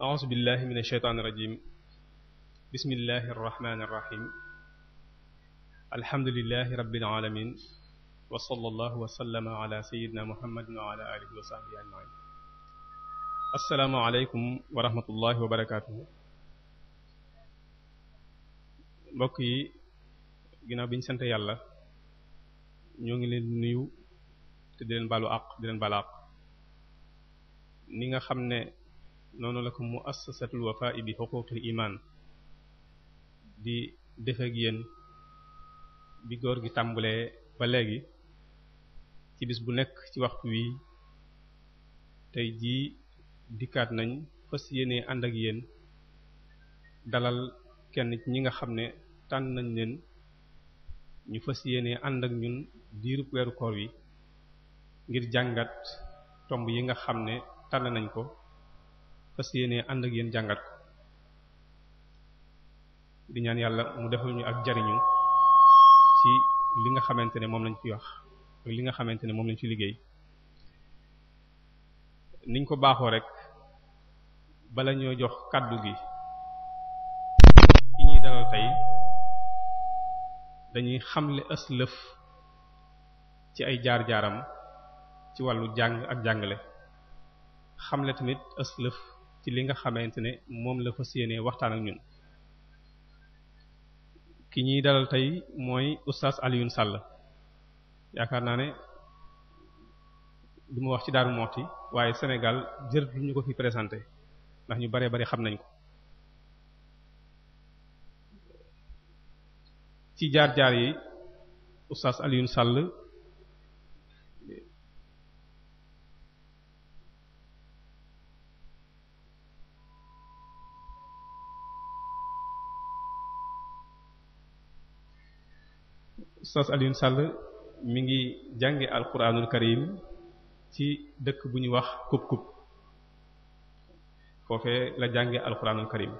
a'uuzu billahi min asheytaani irajim bismillahi arrahmani irrahim alhamdulilahi rabbil alamin wa sallallahu wa sallama ala sayyidina muhammadin wa ala alihi wa sahbihi ajmain assalaamu aleykum wa rahmatullahi wa barakatuhu mbokk yi ginnaaw bi ñu sant yàlla ñoo ngi leen nuyu te di leen baalu àq di leen baalu àq ni nga xam ne noonu la ko mu muassasatul wafaa'i bi xuquuqil iman di def ak yéen bi góor gi tàmbalee ba léegi ci bis bu nekk ci waxtu wi tey jii dikkaat nañ fas yéene ànd ak yéen dalal kenn ci ñi nga xam ne tànn nañ leen ñu fas yéene ànd ak ñun diirub weeru koor wi ngir jàngat tomb yi nga xam ne tànn nañ ko fas yéenee ànd ak yéen jàngat ko di ñaan yàlla mu defal ñu ak jariñu ci li nga xamante ne moom lañ fi wax li nga xamante ne moom lañ ci liggéey niñ ko baaxoo rek bala ñoo jox kàddu gi ki ñuy dalal tey dañuy xamle aslëf ci ay jaar-jaaram ci wàllu jàng ak jàngale xamle tamit aslëf ci li nga xamante ne moom la fas yéenee waxtaan ak ñun ki ñuy dalal tey mooy oustaz Alioune Sall yaakaar naa ne du ma wax ci Darou Moukhty waaye Sénégal jër du ñu ko fi présenté ndax ñu bare bari xam nañ ko ci jaar-jaar yi oustaz Alioune Sall oustaz Alioune Sall mi ngi jànge alquranul karim ci dëkk bu ñu wax kub kub foofee la jànge alquranul karim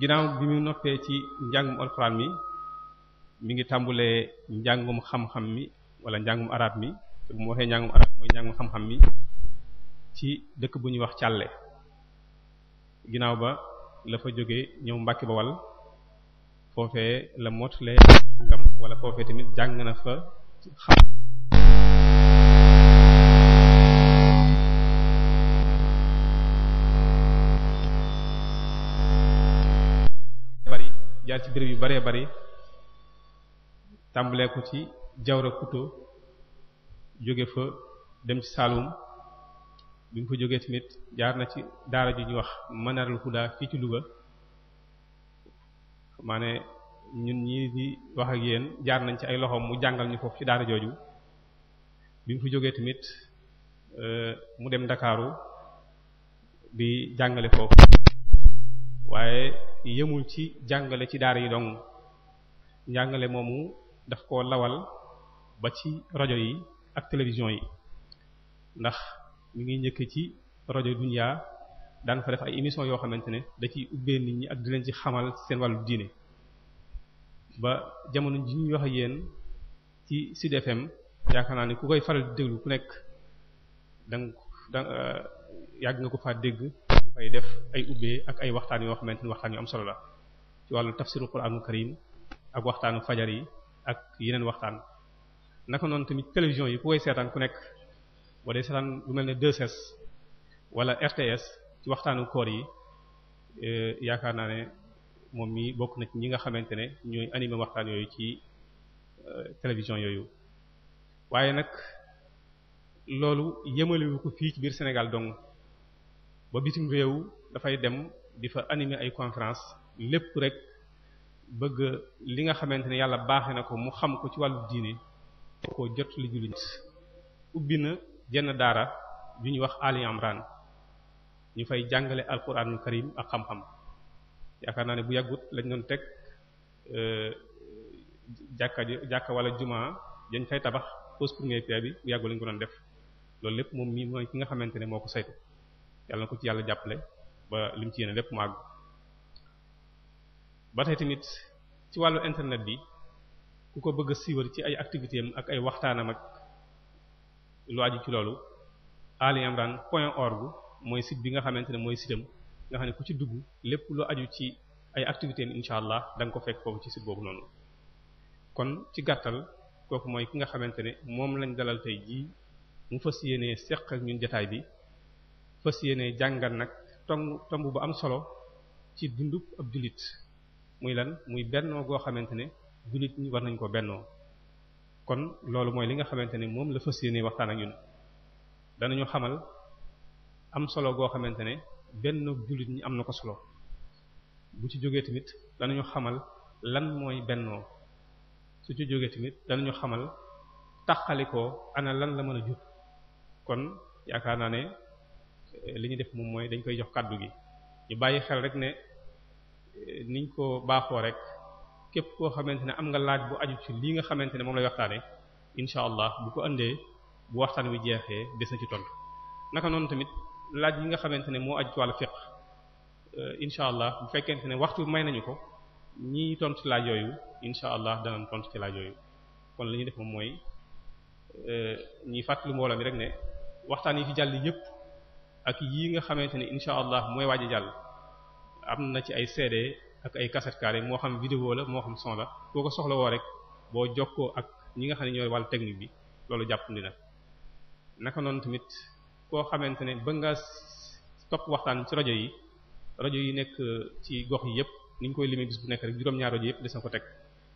ginnaaw bi mu noppee ci njàngum alquran mi mi ngi tàmbulee njàngum xam-xam mi walla njàngum arab mi te bu mu waxee njàngum arab mooy njàngum xam-xam mi ci dëkk bu ñuy wax càlle ginnaaw ba la fa jóge ñëw Mbàkke Bawal foofee la mottalee ngam wala foofee tamit jàng na fa xam bari jaar ci béréb yu baree bari tàmbalee ci jawra kuto jóge fa dem ci Saloum bi mu fa jógee tamit jaar na ci daara ju ñuy wax Manarul Huda fii ci Louga maa ñun ñii di wax ak yéen jaar nañ ci ay loxoom mu jàngal ñu foofu ci daara jooju bi mu fi jógee tamit euh, mu dem ndakaaru bi jàngale foofu waaye yemul ci jàngale ci daar yi dong jàngale moomu daf ko lawal ba ci rajo yi ak télévision yi ndax mu ngi njëkk ci rajo dunya daan fa def ay émission yoo xamante ne da ciy ubbee nit ñi ak di leen ci xamal seen wàllu diine ba jamono ji ñuy wax ak yéen ci Sud yaakaar naa ne ku koy faral di déglu ku nekk danga euh, yàgg nga ko faa dégg ay def ay ubbee ak ay waxtaan yoo xamante ni waxtaan yu am solo la ci wàllu tafsiru Qur'aanu Karim ak waxtaanu fajar yi ak yeneen waxtaan naka noonu tamit télévision yi ku koy seetaan ku nekk boo dee seetaan lu mel ne 2S wala RTS ci waxtaanu koor yi euh, yaakaar naa ne moom mi bokk na ci ñi nga xamante ne ñooy animé waxtaan yooyu ci euh, télévision yooyu waaye nag loolu yemalewu ko fii ci biir Sénégal dong ba bitim réew dafay dem di fa animé ay conférence lépp rek bëgg li nga xamante ne yàlla baax na ko mu xam ko ci wàllu diine ko jot li jullit ubbi na jenn daara ju ñuy wax Ali Imran ñu fay jàngale alquranul karim ak xam-xam yaakaar naa ne bu yàggut lañ doon teg euh, jàkka ji jàkka wala juma dañ fay tabax pose première pierre bi bu yàggul lañ ko doon def loolu lépp moom mii mooy ki nga xamante ne moo ko saytu yàlla na ko ci yàlla jàppale ba lim ci yéene lépp mu àgg ba tey tamit ci wàllu internet bi ku ko bëgg a ci ay activité ak ay waxtaanam ak lu aju ci loolu Ali Imran point org mooy site bi nga xamante ne mooy sitam nga xam ne ku ci dugg lépp lu aju ci ay activité yi incha allah da ko fekk foofu ci site boobu noonu. kon ci gàttal kooku mooy ki nga xamante ne moom lañ dalal tey jii mu fas yéenee seq ak ñun bi fas yéenee jàngal nag tomb tomb am solo ci dundub ab muy lan muy bennoo goo xamante ne jullit war nañ ko bennoo kon loolu mooy li nga xamante ne moom la fas yéenee waxtaan ak ñun danañu xamal am solo goo xamante ne benn jullit ñi am na ko solo bu ci jógee tamit danañu xamal lan mooy bennoo su ci jógee tamit danañu xamal taxalikoo ana lan la mën a jur kon yaakaar naa ne eh, li ñu def moom mooy dañ koy jox kàddu gi ñu bàyyi xel rek ne eh, niñ ko baaxoo rek képp koo xamante ne am nga laaj bu aju ci lii nga xamante ne moom lay waxtaane incha allah bu ko indee bu waxtaan wi jeexee des na ci tontu naka noonu tamit laaj yi nga xamante ne moo aju ci wàllu fiqh euh, incha allah bu fekkente ne waxtu may nañu ko ñi tontu ci laaj yooyu incha allah danañ tontu ci laaj yooyu kon li def moom mooy euh, ñi fàttali mbooloo mi rek ne waxtaan yi ci jàll yépp ak yii nga xamante ne incha allah mooy waaj a jàll am na ci ay CD ak ay cassette carré moo xam vidéo la moo xam son la koo ko soxla woo rek boo jokkoo ak ñi nga xam ne ñooy wàllu technique bi loolu jàpp na naka noonu tamit koo xamante ne bëgg ngaa topp waxtaan ci rajo yi rajo yi nekk ci gox yi yëpp ni ñu koy limee bis bu nekk rek juróom-ñaar rajo yëpp des na ko teg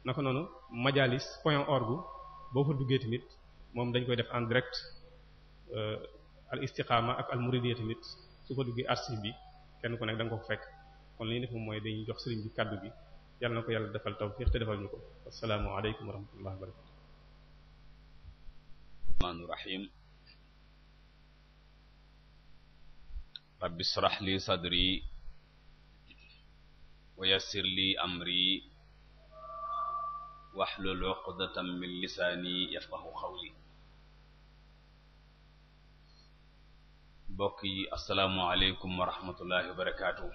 naka noonu majalis point org boo fa duggee tamit moom dañ koy def en direct euh, al istiqama ak al muridiyya tamit su fa duggee archive bi kenn ku nekk da ko fekk kon li ñu def moom mooy dañuy jox sëriñ bi kàddu bi yàlla na ko yàlla defal tawfiq te defal ñu ko assalaamu aleykum wa rahmatullahi wa barakatuh rabbi israh li sadri wa yassir li amri wahlul uqdatan min lisaani yafqahu qawli mbokk yi assalaamu aleykum wa rahmatullahi wa barakaatu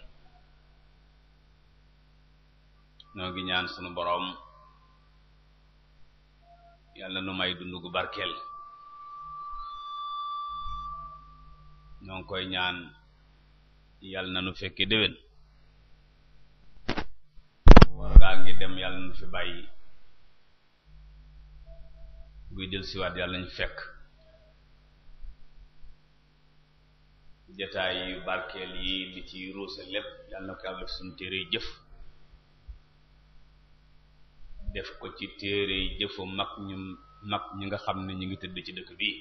noo ngi ñaan sunu boroom yàlla nu may dund gu barkeel ñoo ngi koy ñaan yàlla na nu fekke déwén war gaa ngi dem yàlla na nu fi bàyyi buy del siwaat yàlla nañu fekk jataay barkeel yi li ci ruuse lépp yàlla na ko yàlla def suñu jëf def ko ci téere jëfu mag ñu mag ñi nga xam ne ñu ngi tëdd ci dëkk bii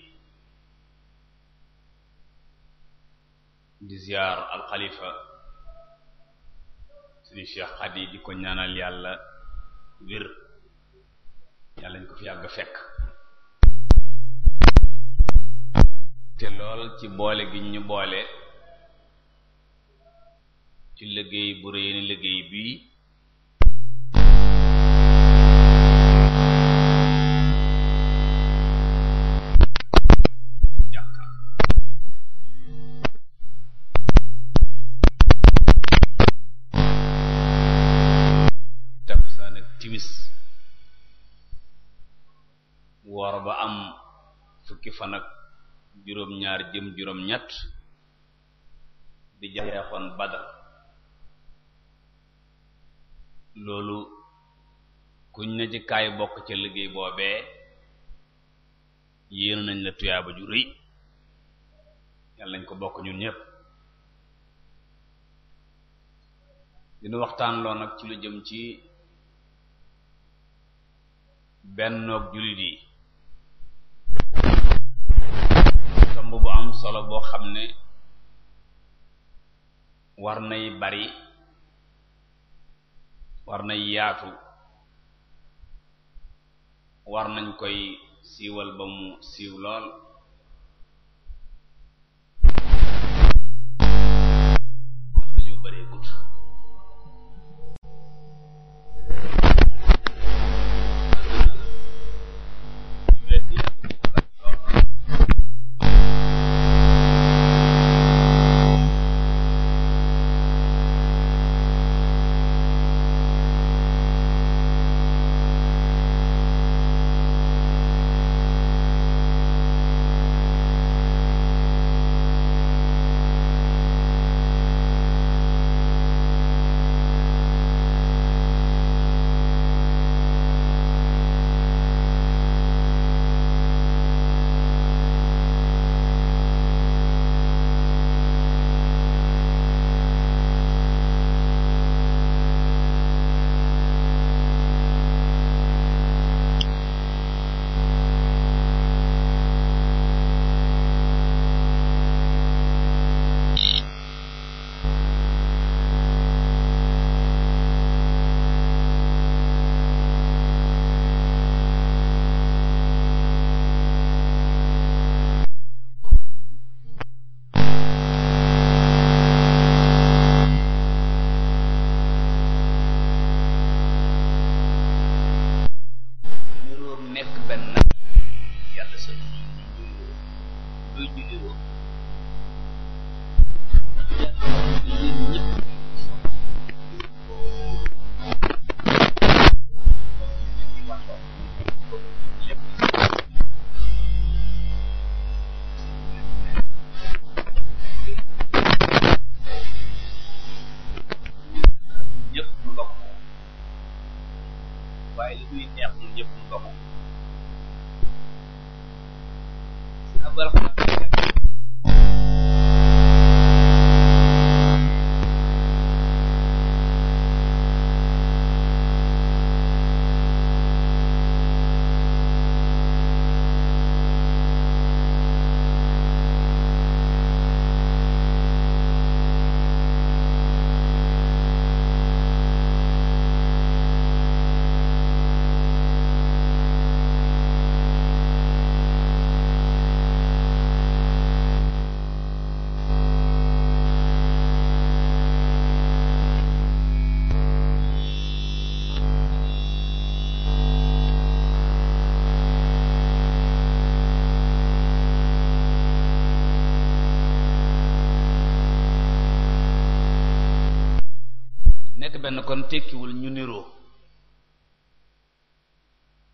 di ziar alxalifa suñu Cheikh Xadi di ko ñaanal yàlla wér yàlla ñu ko fi yàgg fekk te lool ci boole gi ñu boole ci liggéey bu réy ni bii fukki fan ak juróom-ñaar jëm juróom-ñett di jaxeexoon Badar loolu kuñ na ci bokk ca liggéey boobee yéen nañ la tuyaaba ju rëy yàlla nañ ko bokk ñun ñëpp dina waxtaan loo nag ci lu jëm ci bennoog jullit yi tomb bu am solo boo xam ne war nay bari war nay yaatu war nañ koy siiwal ba siiw lool ndax dañoo bëree benn kon tekkiwul ñu niroo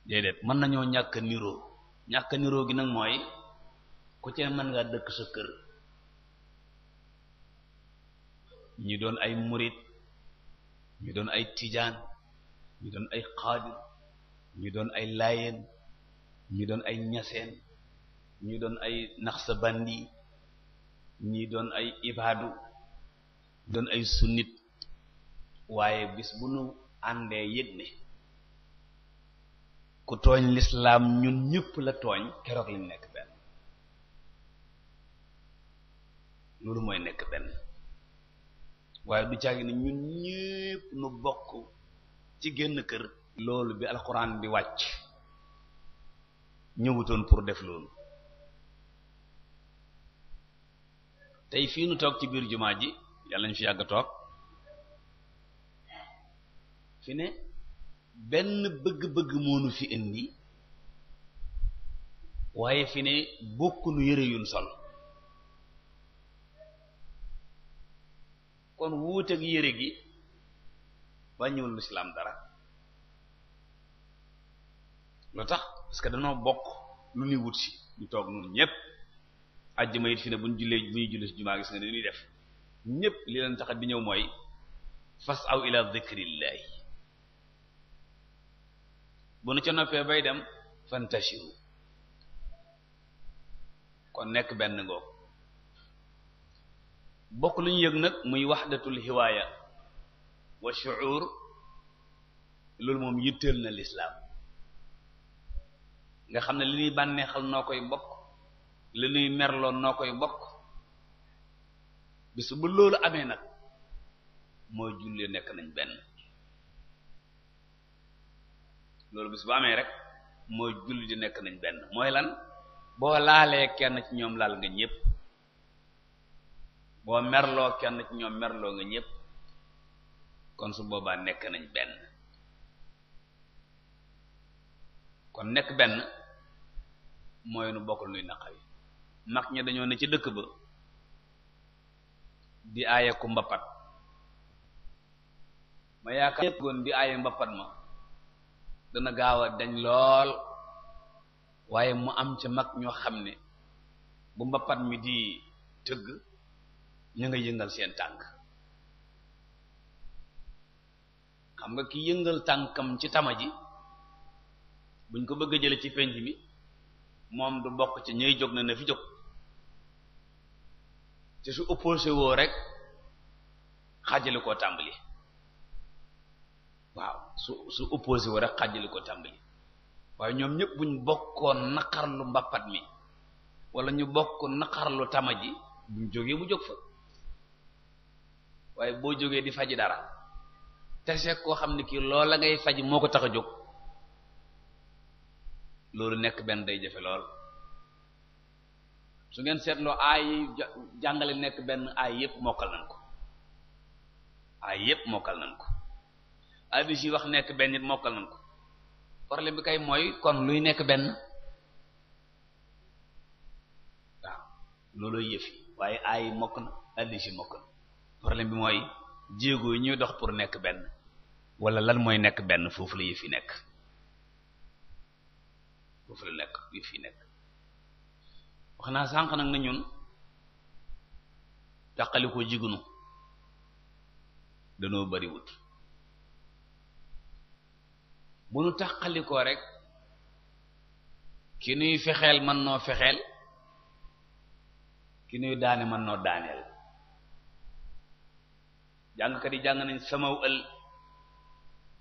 déedéet mën nañoo ñàkk niroo ñàkk niroo gi nag mooy ku ci mën ngaa dëkk sa kër ñi doon ay murit ñu doon ay tijaan ñu doon ay xaadir ñu doon ay laayeen ñu doon ay ñaseen ñu doon ay naxsabandi ñi doon ay ibaadu doon ay sunnit waaye bis bu nu àndee yëg ne ku tooñ lislaam ñun ñëpp la tooñ keroog lañ nekk benn loolu mooy nekk benn waaye du caagi ne ñun ñëpp nu bokk ci génn kër loolu bi alxuraan bi wàcc ñëwutoon pour def loolu tey fii nu toog ci biir jumaa ji yàlla ñu fi yàgg toog fi ne benn bëgg-bëgg moonu fi indi waaye fi ne bokk yére yëre sol kon wuute ak yëre gi wàññiwul lislaam dara lu tax parce que danoo bokk lu ñuy wut si ñu toog nun ñépp àjjuma it fi ne bu ñu jullee bu ñuy jullee si jumaa gis nga ni ñuy def ñépp li leen tax bi ñëw mooy fas aw ila dhikrillahi bu nu ca noppee bay dem fantashiru kon nekk benn ngoog bokk lu ñu yëg nag muy waxdatul hiwaaya wa shu'ur loolu moom yitteel na lislaam nga xam ne li ñuy bànneexal noo koy bokk li ñuy merloo noo koy bokk bis bu loolu amee nag mooy julli nekk nañ benn loolu bis bu amee rek mooy julli di nekk nañ benn mooy lan boo laalee kenn ci ñoom laal nga ñépp boo merloo kenn ci ñoom merloo nga ñépp kon su boobaa nekk nañ benn kon nekk benn mooy nu bokkul luy naqari mag ñi dañoo ne ci dëkk ba di aaye ku mbappat ma yaakaar goon di aaye mbappat ma dana gaaw a dañ lool waaye mu am ca mag ñoo xam ne bu mbappat mi di tëgg ñu nga yëngal seen tànk xam nga ki yëngal tànkam ci tama ji buñ ko bëgg a jële ci penc mi moom du bokk ci ñëy jóg na na fi jóg te su opposé woo rek xaajale koo tàmbali waaw su su opposé war a xàjjali ko tàmbali waaye ñoom ñëpp buñ bokkoon naqarlu mbappat mi walla ñu bokk lu tama ji buñ jógee mu jóg fa waaye boo jógee di faji dara tese koo xam ne kii loola ngay faji moo ko tax a jóg loolu nekk benn day jafe lool su ngeen seetloo aay jàngale nekk benn aay yépp mokkal nañ ko aay yépp mokkal nañ ko abis yi wax nekk benn nit mokkal nañ ko problème bi kay mooy kon luy nekk benn waaw looloo yëf yi waaye aay mokk na abis yi mokk na problème bi mooy jéego yi ñuy dox pour nekk benn wala lan mooy nekk benn foofu la yëf yi nekk foofu la nekk yëf yi nekk wax naa sànq nag na ñun taqali ko jigunu danoo bariwut bu nu tàqalikoo rek ki nuy fexeel mën noo fexeel ki nuy daane mën noo daaneel jàngkat yi jàng nañ samaw ël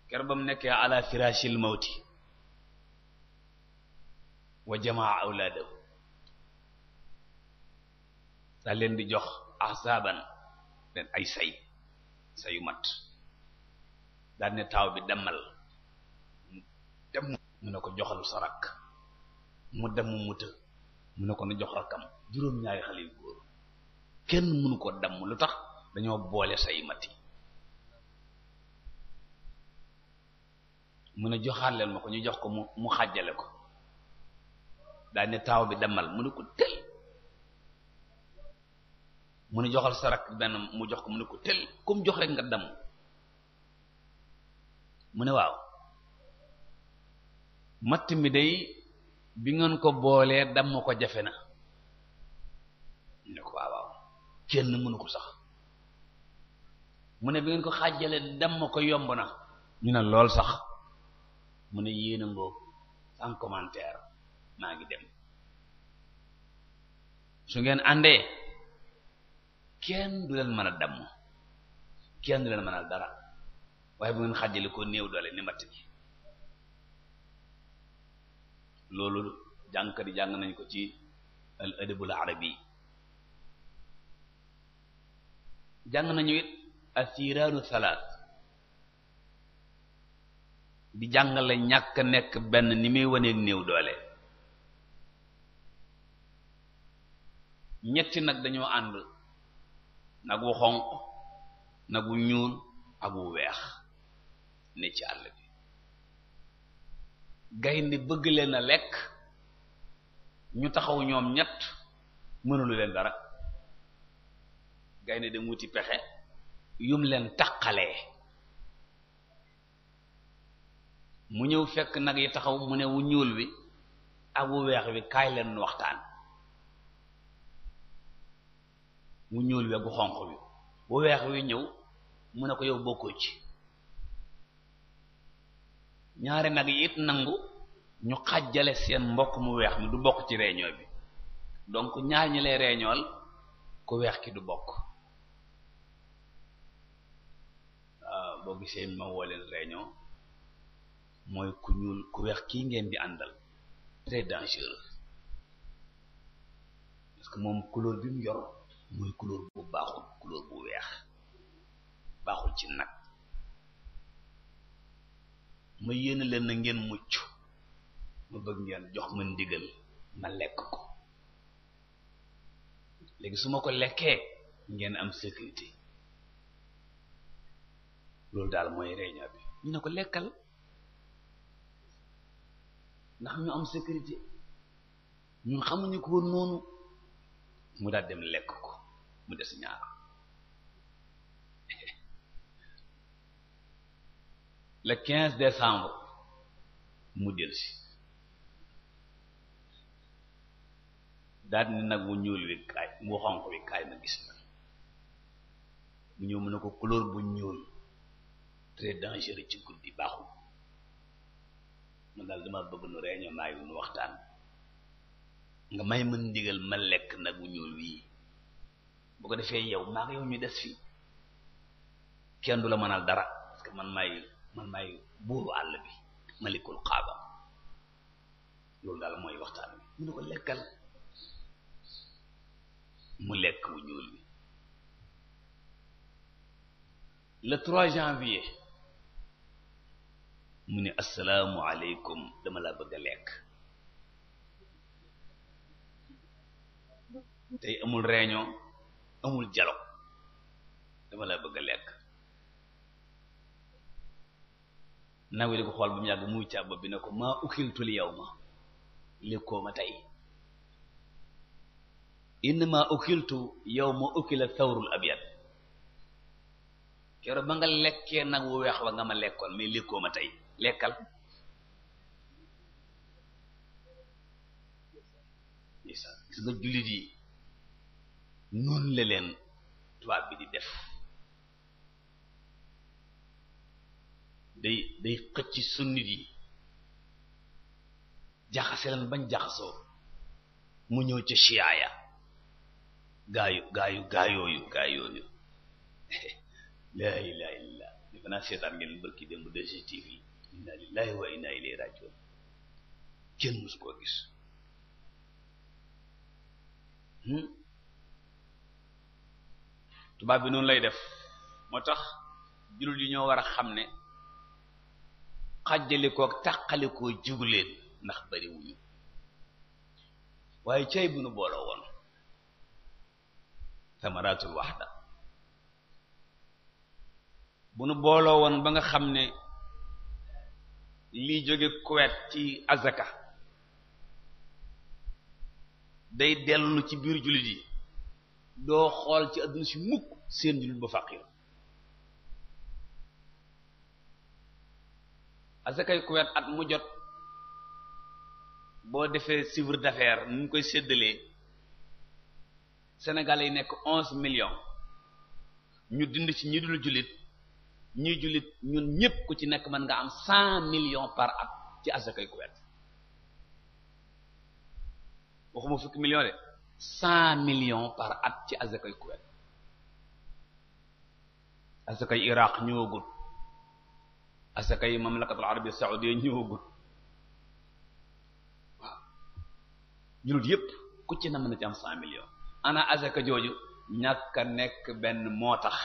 ker bam nekkee ala firashil mawti wa jamaa awlaadahu da leen di jox ahsaban leen ay say sayu mat daal taaw bi dammal dem mu ne ko joxal sa rakk mu dem mu të mu ne ko na jox rakkam juróom-ñaari xale yu góor kenn mënu ko damm lu tax dañoo boole say mati mu ne joxaat leen ma ko ñu jox ko mu mu xàjjale ko daal taaw bi demal mu ne ko tël mu ne joxal sa rakk benn mu jox ko mu ne ko tël comme jox rek nga dem mu ne waaw matt mi day bi ngeen ko boolee damm ko jafe na ñu ne ko waaw kenn mënu ko sax mu ne bi ngeen ko xàjjale damm ko yomb na ñu ne lool sax mu ne yéena ngoo sans commentaire maa ngi dem su ngeen àndee kenn du leen mën a damm kenn du leen mën a dara waaye bu ngeen xajale koo néew doole ni matt bi loolu jàngkat yi jàng nañ ko ci al adabul arabi jàng nañu it asiraanu salaat di jàngale ñàkk nekk benn ni muy waneeg néew doole ñetti nag dañoo ànd nag wu xonq nag wu ñuul ak wu weex ne ci àll bi gaynde bëgg leen a lekk ñu taxaw ñoom ñett mënulu leen dara gaynde dem wuti pexe yum leen taqalee mu ñëw fekk nag yi taxaw mu ne wu ñuul wi ak wu weex wi kaay leen waxtaan wu ñuul wi ak wu xonq wi wu weex wi ñëw mu ne ko yow bokkoo ci ñaari nag yi nangu ñu xàjjale seen mbokk mu weex mi du bokk ci réunion bi donc ñaar ñi lay réunional ku weex ki du bokk waaw ah, boo gisee ma woo leen mooy ku ñuul ku weex kii ngeen di àndal très dangereux parce moom couleur bi mu yor mooy couleur bu baaxul couleur bu weex baaxul ci nag ma yéene leen na ngeen mucc ma bëgg ngeen jox ma ndigal ma lekk ko léegi su ma ko lekkee ngeen am sécurité loolu daal mooy réunion bi ñu ne ko lekkal ndax ñu am sécurité ñun xamuñu ko woon noonu mu daal dem lekk ko mu des ñaar le quinze décembre mu delsi daal ni nag mu ñuul wi kaay mu xonq wi kaay ma gis na mu ñëw mu ne ko couleur bu ñuul très dangereux ci guddi baaxul man daal dama bëgg nu reeño naa yu nu waxtaan nga may mën ndigal ma lekk nag wu ñuul wii bu ko defee yow maa ngi yow ñu des fii kenn du la mënal dara parce man maay man maay buuru àll bi malikul xaaba loolu daal mooy waxtaan bi mu ne ko lekkal mu lekk bu ñuul bi le 3 janvier mu ne assalaamu aleykum dama laa bëgg a lekk tey amul réunion amul dialogue dama laa bëgg a lekk nawe di ko xool ba mu yàgg muy càbb bi ne ko maa ukiltul yawma lékkoo ma tey innama ukiltu yawma ukila thawrul abyad keroog ba nga lekkee nag wu weex wa nga ma lekkoon mais lékkoo ma tey lekkal gis nga jullit yi noonu la leen tubaab bi di def day day xëcc sunnit yi jaxase leen bañ jaxasoo mu ñëw ca chiaaya gaayu gaayu gaayooyu gaayooyu laa ilaha illa dafa naa seetaan ngeen bërki démb dgtv inna lillahi wa inna ilayhi rajiun kenn musu koo gis hmm? tubaab bi noonu lay def moo tax jullit yi ñoo war a xam ne xàjjalikoo tàqalikoo jiguleen ndax bari wuñu waaye cay bu nu boole woon thamaratul waxda bu nu booloo woon ba nga xam ne lii jóge Kuwait ci azaka day dellu ci biir jullit yi doo xool ci àdduna si mukk seen jullit ba faqir asakay kuwet at mu jot boo defee chiffre d'affaires mu ngi koy séddalee sénégalais yi nekk onze million ñu dind ci ñi dul jullit ñuy jullit ñun ñépp ku ci nekk mën nga am cent million par at ci asakay kuwet waxuma fukki millions de cent million par at ci asakay kuwet asakay iraq ñëwagul asaka yi mamlakatul arabia saoudia ñëwagut waaw jullit yépp ku ci na mën na ci am cent ana asaka jooju ñàkk a nekk benn moo tax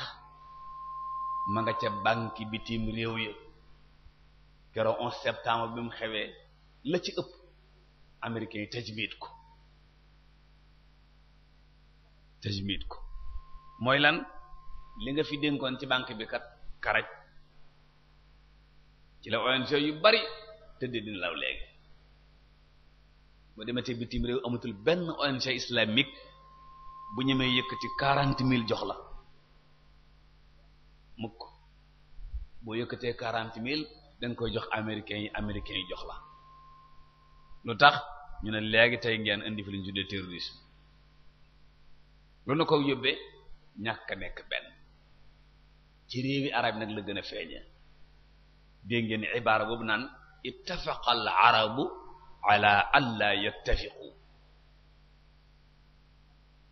ma nga ca banque bitim réew ya keroog 11 septembre bi mu xewee la ci ëpp américains yi tajmiid ko tajmiid ko mooy lan li nga fi dénkoon ci banque bi kat karaj ci la ONG yu bari tëddee dina law léegi boo dematee bitim réew amatul benn ONG islamique bu ñemee yëkkati quarante mille jox la mukk boo yëkkatee quarante mille danga koy jox américains yi américains yi jox la lu tax ñu ne léegi tey ngeen indi fi lu ñu tuddee terrorisme lu na ko yóbbee ñàkk a nekk benn ci réewi arab nag la gën a feeñee dégg ngeen ibaara boobu naan ittafaqa al arabu ala an laa yattafiqu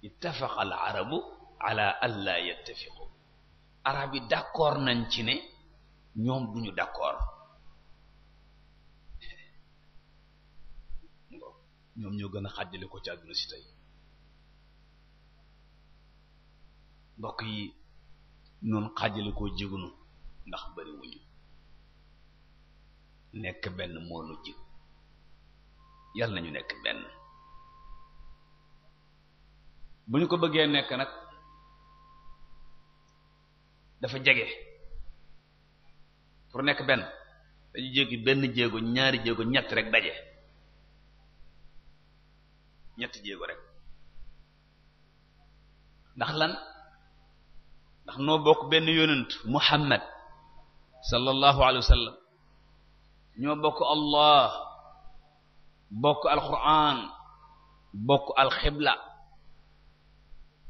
ittafaqa al nañ ci ne ñoom duñu d'accord ñoom ñoo gën a xàjjale ko ci àdduna si tey mbokk yi noonu xàjjale jigunu ndax bari nekk benn moonu ji yàlla ñu nekk benn bu ñu ko bëggee nekk nag dafa jege pour nekk benn dañu jéggi benn jéego ñaari jéego ñett rekk daje ñett jéego rek ndax lan ndax noo bokk benn yonent Muhammad sallallahu alayhi wa ñoo bokk allah bokk alquran bokk alxibla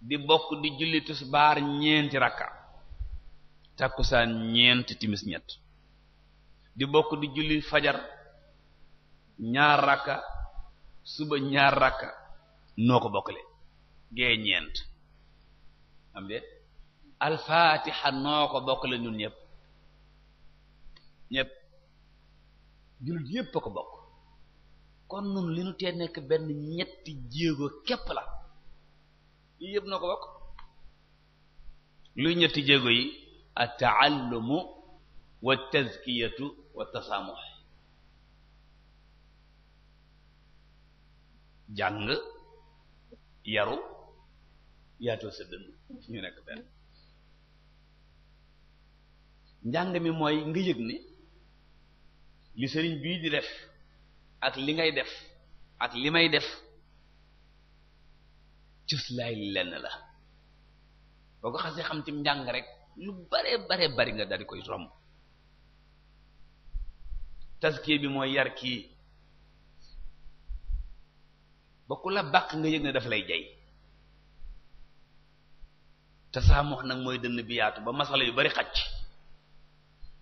di bokk di julli tisbaar ñeenti rakka takkusaan ñeenti timis ñett di bokk di julli fajar ñaar rakka suba ñaar rakka noo ko bokkale gee ñeent am de alfaatiha noo ko bokkale ñun ñëpp ñëpp jullit yépp a ko bokk kon nun li nu tee nekk benn ñetti jéego képp la yii yépp noo ko bokk luy ñetti jéego yi at taallumu wa tazkiyatu wa tasaamux jàng yaru yaatoo sa dënn ñu mi mooy nga yëg ni li sëriñ bii di def ak li ngay def ak li may def cëslaay lenn la boo ko xasee xam ci njàng rek lu bare bare bari nga daal koy romb taskiya bi mooy yar kii ba ku la bàq nga yëg ne daf lay jay te saa nag mooy dënn bi yaatu ba masala yu bari xacc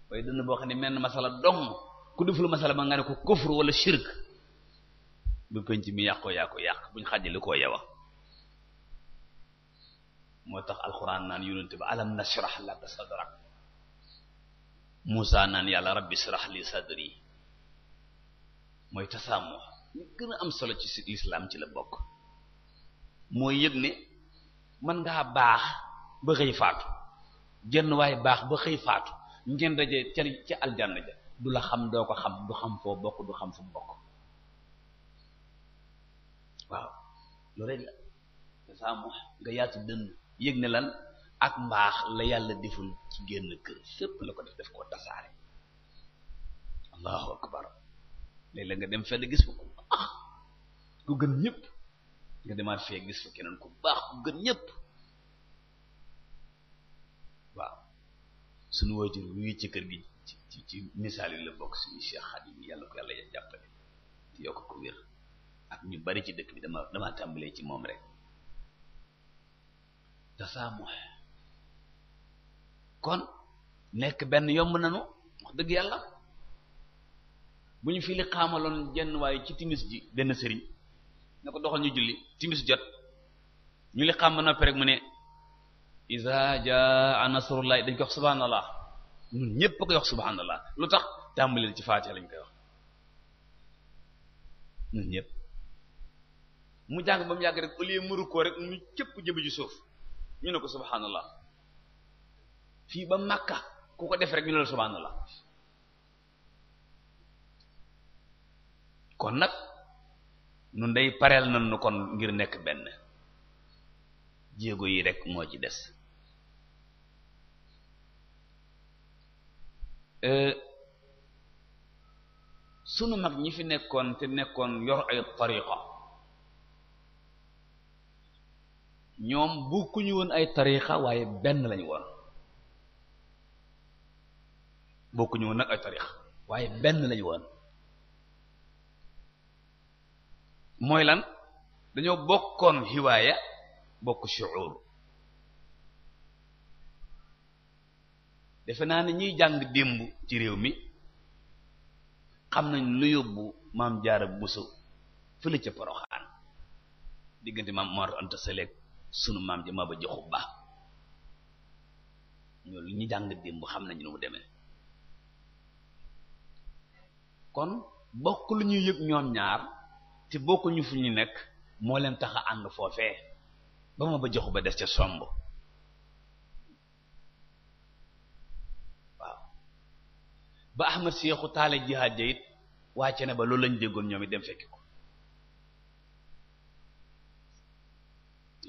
mooy dënn boo xam ne menn masala dong ku deful masala ma nga ne ko kufr wala shirk bu penc mi yàqoo yaa ko yàq buñ xàjjale koo yewa moo tax alxuraan naan yonent ba alam nashrah laka sadrak Muusaa naan yàlla rabbi israh li sadri mooy tasaamoo ñu gën am solo ci si ci la bokk mooy yëg ne mën ngaa baax ba xëy faatu jenn waaye baax ba xëy faatu ngeen daje ca ca aljanna du la xam doo ko xam du xam foo bokk du xam fu bokk waaw loolu rek la nga saamu dënn yëg ne lan ak mbaax la yàlla deful ci génn kër fépp la ko def def koo tasaare allahu akbar léeg nga dem fenn gis fa ku baax ku gën ñëpp demaat gis keneen ku baax ku gën ñëpp waaw suñu waajur wi ci kër gi ci ci yi la bokk suñu Cheikh Khadim yàlla ko yàlla ya jàppale te yokk ko wér ak ñu bari ci dëkk bi dama tàmbalee ci moom rek tasaamuh kon nekk benn yomb nanu dëgg yàlla bu ñu fi li xaamaloon jenn waaye ci timis ji benn sëriñ na ko doxal ñu julli timis jot ñu li xaama noppi rek mu ne iza jaa nasrullahi ko wax ñun ñépp koy wax subhanallah lu tax tàmbaleel ci faatiha lañ koy wax ñun ñépp mu jàng ba mu yàgg rek au lieu mu rukkoo rek ñu cëpp jëbi ji suuf ñu ne ko subhanallah fii ba Makka ku ko def rek ñu ne la subhanallah kon nag nun day pareel na nu kon ngir nekk benn jéego yi rek moo ci des Euh, sunu mag ñi fi nekkoon te nekkoon yor ay tariqa ñoom bokkuñu woon ay tariqa waaye benn lañu woon bokkuñu woon nag ay tariqa waaye benn lañu woon mooy lan dañoo bokkoon hiwaaya bokk shu'ur defe naa ne ñuy jàng démb ci réew mi xam nañ lu yóbbu maam jaara buso fële ca poroxaan diggante maam Mor Anta Sali sunu maam ji ma ba joxu ba ñoo lu ñu jàng démb xam nañu nu mu demee kon bokk lu ñuy yëg ñoom ñaar te bokku ñu fu ñu nekk moo leen tax a ànd foofee ba ma ba joxu ba des ca somb ba ahmad seexu taala jihaad ja it wàcce na ba loolu lañ déggoon ñoom it dem fekki ko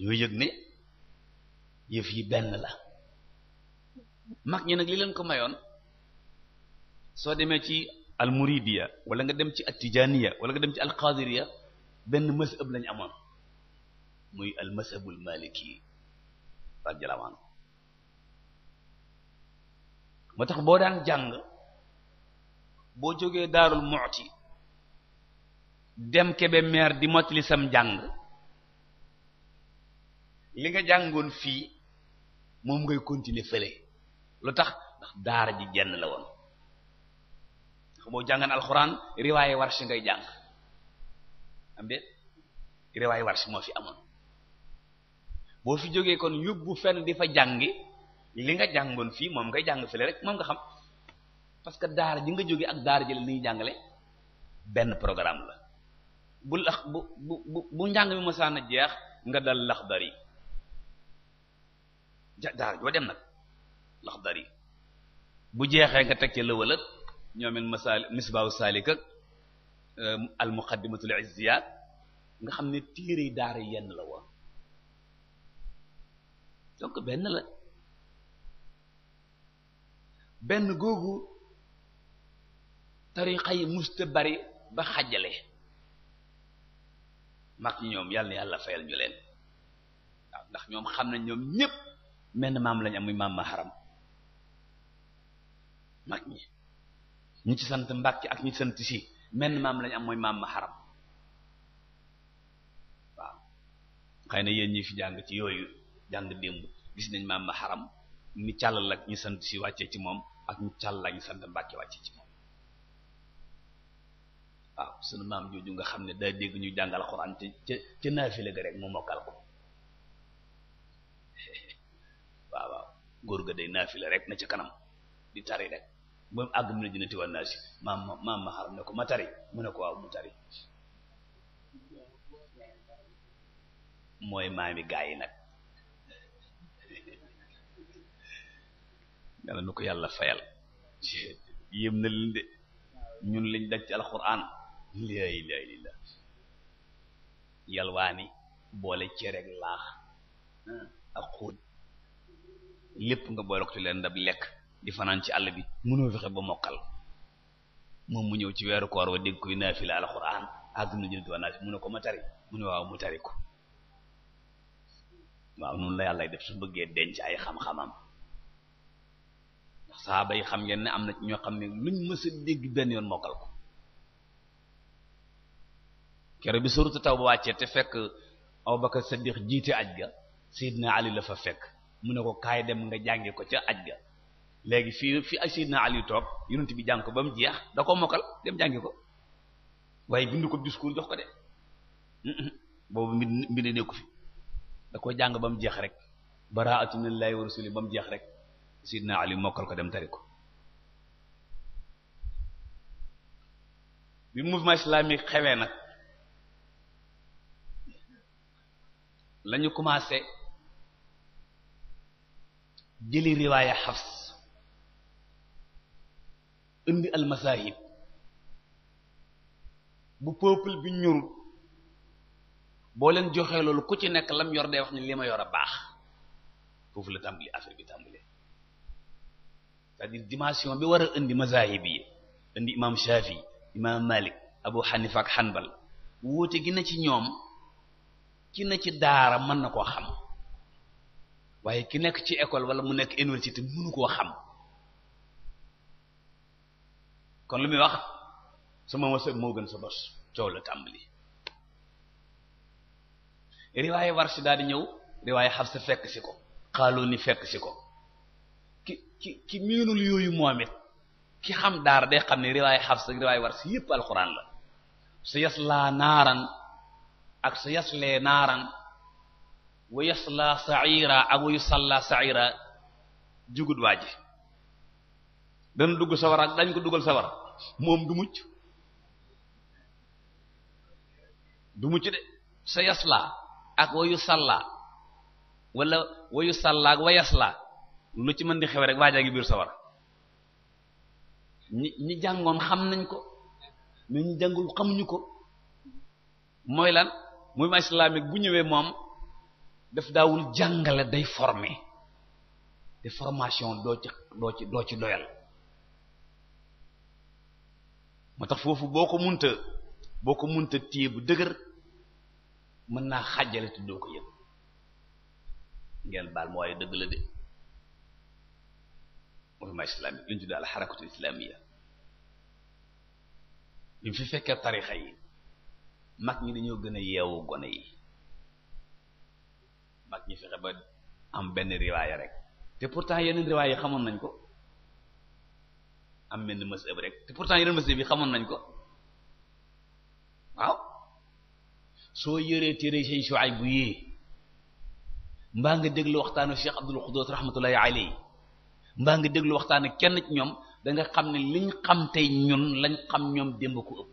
ñoo yëg ne yëf yi benn la mag ñi nag li leen ko mayoon soo demee ci almuridiya wala nga dem ci attijaniya wala nga dem ci alqadiriya benn masab lañ amoon muy almasabul maliki radiyallahu anhu moo tax boo daan jàng boo jógee daarul mu'ti dem kebe meer di li sam jàng li nga jàngoon fii moom ngay continuer fële lu tax ndax daara ji jenn la woon xamoo boo jàngan alxuraan riwaaye warsh ngay jàng am de moo fi amoon boo fi jógee kon yóbbu fenn di fa jàngi li nga jàngoon fii moom ngay jàng fële rek moom nga xam parce que daara ji nga jógee ak daar ji la li jàngale benn programme la bu lax bu bu bu njàng mi mosaan a jeex nga dal laxdari ja daara joo dem nag laxdari bu jeexee nga teg ca lëwal ak ñoom it masaal misbaahu saalik ak euh, nga xam ne téere daara yenn la woon donc benn la benn googu. tariqa yi musta bari ba xajale mag ñi ñoom yàlla na yàlla fayal ñu leen ndax ñoom xam nañ ñoom ñépp menn maam lañ am muy maam maharam mag ñi ñi ci sant Mbàkke ak ñi sant si menn maam lañ am mooy maam maharam waaw na yéen ñi fi jàng ci yooyu jàng démb gis nañ maam maharam ñi càllal ak ñi sant si wàccee ci moom ak ñi càllal ak ñi sant Mbàkke wàccee ci moom waaw sunu maam jooju nga xam ne daa dégg ñu jàngal xuraan ca ca ca ga rek mu mokkal ko waaw góor ga day naafila rek na ca kanam di tari rek moom àgg mu ne dina tiwa naa si maam ma xaram ne ko ma tari mu ne ko waaw mu tari mooy maami gaa yi nag yàlla nu ko yàlla fayal yéem na leen de ñun lañ daj alxuraan laa ilaaha illallaah yalwaani boole cere ak laax ah, ak xuuj lépp nga boole ko ci leen ndab lekk di fanaan ci àll bi mënoo fexe ba mokkal moom mu ñëw ci weeru koor wa dégg koy naafila alxuraan àgg na jël tuwaa mu ne ko ma tari mu ne waaw mu tari ko waaw noonu la yàlla def su bëggee denc ay xam-xamam ndax saaba xam ngeen am na ñoo xam ne luñ mës a dégg benn yoon mokkal ko kere bi suratu taw ba wàccee te fekk Abu Bakar Siddiq jiite aj ga na Ali la fa fekk mu ne ko kaay dem nga jànge ko ca aj ga léegi fii fi ay Seydina Ali toog yonent bi jàng ko ba mu jeex da ko mokkal dem jànge ko waaye bind ko discours jox ko fi da ko jàng ba mu jeex rek baraa'atu minallahi wa rasulihi ba mu jeex rek Seydina Ali mokkal ko dem tari ko bi mouvement islamique xewee nag la ñu commencé jëli riwaaya Hafs indi almasahib bu peuple bi ñurut boo leen joxee loolu ku ci nekk lam yor day wax ni li ma yor a baax foofu la tàmbali affaire bi tàmbali c'est-à-dire dimension bi war a indi mazahib yi indi imam Shafi imam Malik Abu Hanifa ak Hanbal wuute gi na ci ñoom ki ne ci daara mën na koo xam waaye ki nekk ci école wala mu nekk université mënu koo xam kon lu muy wax sama mos moo gën sa bos coow la tàmbali. riwaaye Warsh daal di ñëw riwaaye Hafsa fekk si ko Xaaluni fekk si ko ki ki ki miinul yooyu moom it ki xam daara day xam ne riwaaye Hafsa riwaaye Warsh yëpp alxuraan la su yas laa naaran. ak sa yaslee naaran wa yaslaa saira ak wa yusalla saira jugud waa ji dana dugg sawar ak dañ ko dugal sawar moom du mucc du mucc de sa yaslaa ak wa yusalla wala wa yusalla ak wa yaslaa lu ci mën di xew rek waajaa ngi biir sawar ñi ñi jàngoon xam nañ ko mais ñi jàngul xamuñu ko mooy lan mouvement islamique bu ñëwee moom daf daawul jàngale day forme te formation doo ci doo ci doo doyal moo tax foofu boo ko munta boo bu dëgër mën naa xàjjale te doo ko yëg ngeen baal ma waaye dëgg la de mouvement islamique li ñu tuddee al xarakatu islamiyya bi mu fi fekkee tarixa yi mag ñi dañoo gën a yeewu gone yi mag ñi fexe ba am benn riwaaya rek te pourtant yeneen riwaaya yi xamoon nañ ko am benn masëb rek te pourtant yeneen masëb yi xamoon nañ ko waaw soo yéree téere seen Shuayb bu yii mbaa nga déglu waxtaanu Cheikh Abdul Xudoos rahmatullahi alayhi mbaa nga déglu waxtaanu kenn ñoom danga xam ne liñ xam tey ñun lañ xam ñoom démb ko ëpp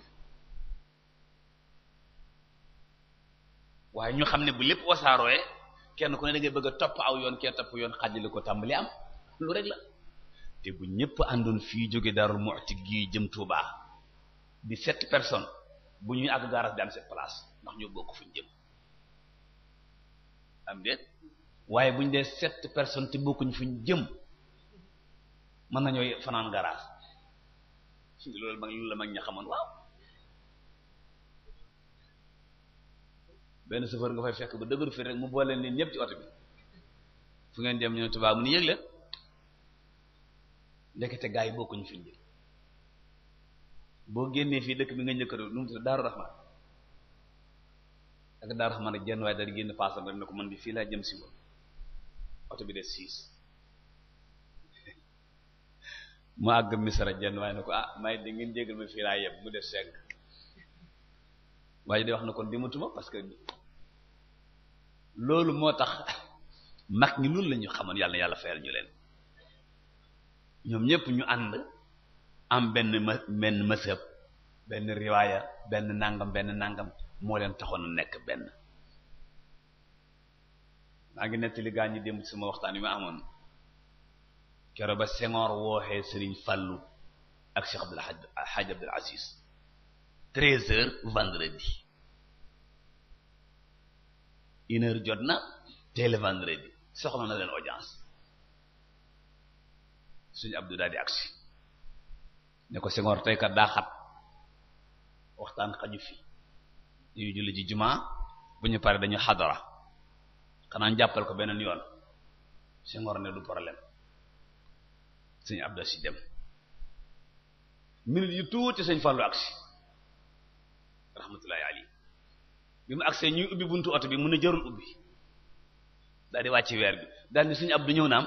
waaye ñu xam ne bu lépp wasaarooyee kenn ku ne da bëgg a topp aw yoon kee topp yoon xajali ko tàmbali am lu rek la te bu ñëpp àndoon fii jóge Darou Moukhty gii jëm Touba di sept personnes bu ñuy àgg garage bi am seen place ndax ñoo bokk fuñ jëm am déet waaye bu ñu dee sept jëm mën nañoo fanaan garage loolu mag loolu la mag ña xamoon waaw benn chauffeur nga fay fekk bu dëgëru fi rek mu boole leen ñëpp ci oto bi fu ngeen dem ñu tubaab mu ni yëg leen ndekete gaa yi bokkuñu fi ñu boo génnee fii dëkk bi nga njëkk nu mu tudd Daaru Rahman ak Daaru Rahman ak jenn waaye daal génn paasam rek ne ko man bi fii laa jëm si woon bi des siis mu àgg misara jenn waaye ne ko ah may di ngeen jégal ma fii laa yem mu def cinq waaye de wax na kon dematuma parce que loolu moo tax mag ñi loolu lañuy xamoon yàlla na yàlla fayal ñu leen ñoom ñëpp ñu ànd am benn ma benn mësëb benn riwaaya benn nangam benn nangam moo leen taxoon a nekk benn maa ngi nettali gaa ñi dem suma waxtaan yi ma amoon kero ba Senghor wooxee Serigne Fallou ak Cheikh Abdul Hadj Abdul Aziz treize heures vendredi une heure jot na teel vendredi soxla na leen audience suñu Abdou daal di agsi ne ko Senghor tey kat daa xat waxtaan xaju fi dañuy julli ji jumaa bu ñu paree dañu xadara xanaa jàppal ko beneen yoon Senghor ne du problème suñu Abdou si dem minute yu tuuti sëñ Fallou agsi rahmatullahi alayhi bi ma agsee ñuy ubbi buntu oto bi mun a jarul ubbi daal di wàcc weer bi daal ni suñu ab du ñëw na am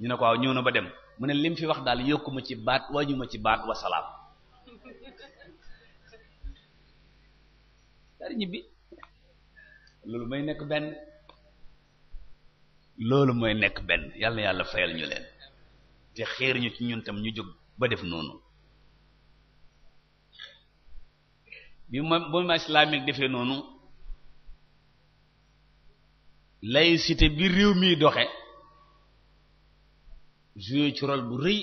ñu ne ko waaw ñëw na ba dem mu ne lim fi wax daal yokkuma ci baat wàññuma ci baat wasalaam daal di ñibbi loolu may nekk benn loolu mooy nekk benn yàlla yàlla fayal ñu leen te xeer ñu ci ñun tam ñu jóg ba def noonu bi ma bu ma islamique defee noonu laïcité bi réew mi doxe joué ci rôle bu rëy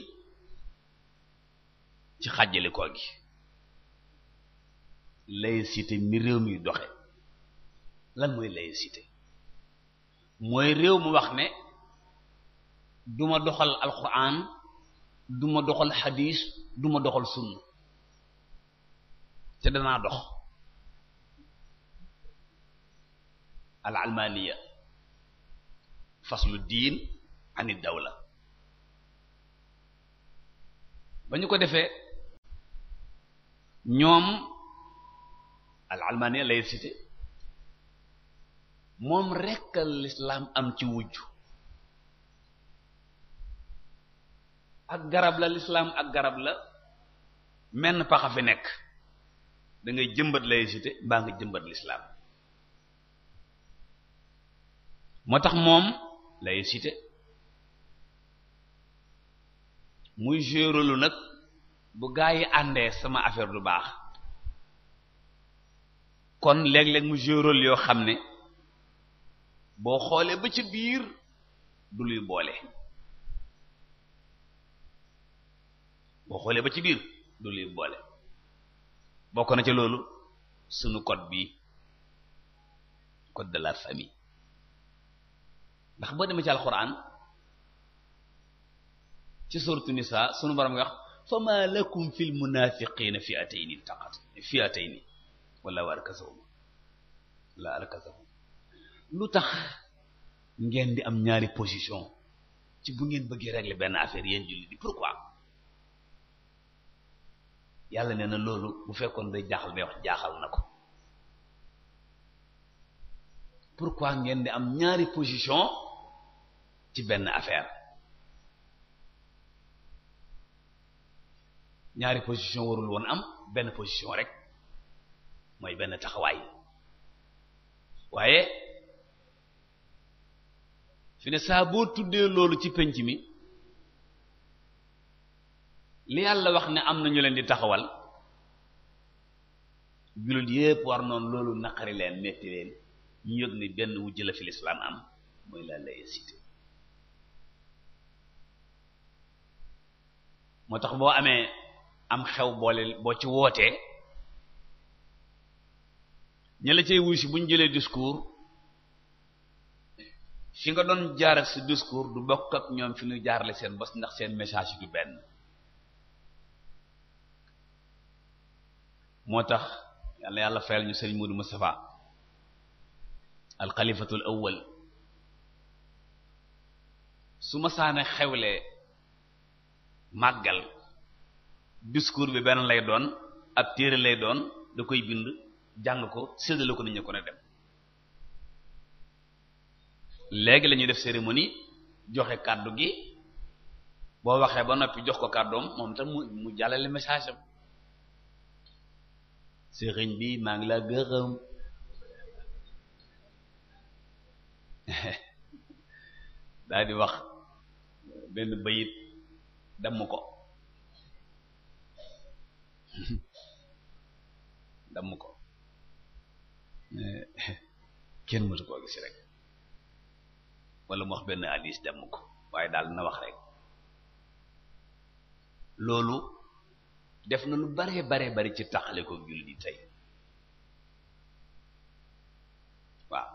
ci xàjjale koo gi laïcité mi réew mi doxe lan mooy laïcité mooy réew mu wax ne duma doxal alquran duma doxal xadiis duma doxal sunna te danaa dox al almaniya faslu diin ani dawla ba ñu ko defee ñoom al almaniya laïcité moom rekk lislaam am ci wujj ak garab la lislaam ak garab la menn paxa fi nekk da ngay jëmbat laïcité baa nga jëmbat l'islam moo tax moom laïcité muy géeralu nag bu gaa yi àndee sama affaire du baax kon léeg-léeg mu géeral yoo xam ne boo xoolee ba ci biir du luy boole boo xoolee ba ci biir du luy boole bokk na ca loolu sunu code bi code de la famille ndax boo demee ci alxuraan ci suratu nisa sunu borom nga wax fama lakum fil munafiqina fi'atayni iltaqat fi'atayni wala wa arkasahum la arkasahum lu tax ngeen di am ñaari position ci bu ngeen bëggee régler benn affaire yéen jullit di pourquoi yàlla nee na loolu bu fekkoon day jaaxal may jaaxal na ko pourquoi ngeen di am ñaari position ci benn affaire ñaari position warul woon am benn position rek mooy benn taxawaay waaye fi saa boo tuddee loolu ci penc mi li yàlla wax ne am na ñu leen di taxawal jullit yépp war noonu loolu naqari leen metti leen ñu yëg ni benn wujj la fi lislaam am mooy la laïcité moo tax boo amee am xew boole boo ci wootee ña la cay wuy si bu ñu jëlee discours fi nga doon jaaral ak si discours du bokk ak ñoom fi ñu jaarale seen bos ndax seen message du benn moo tax yàlla yàlla fayal ñu sëriñ Modou Moustapha alxalifatul awwal su ma saanee xewlee màggal discours bi benn lay doon ab téere lay doon da koy bind jàng ko séddale ko nit ñi ko dem léegi la ñuy def cérémonie joxe kàddu gi boo waxee ba noppi jox ko kàddoom moom tam mu mu jàllale message am sëriñ bi maa ngi la gërëm daal di wax benn bayit damm ko damm ko kenn mësu koo gis rek wala mu wax benn hadis damm ko waaye daal na wax rek loolu def na lu baree baree bari ci taxale ko jullit yi tey waaw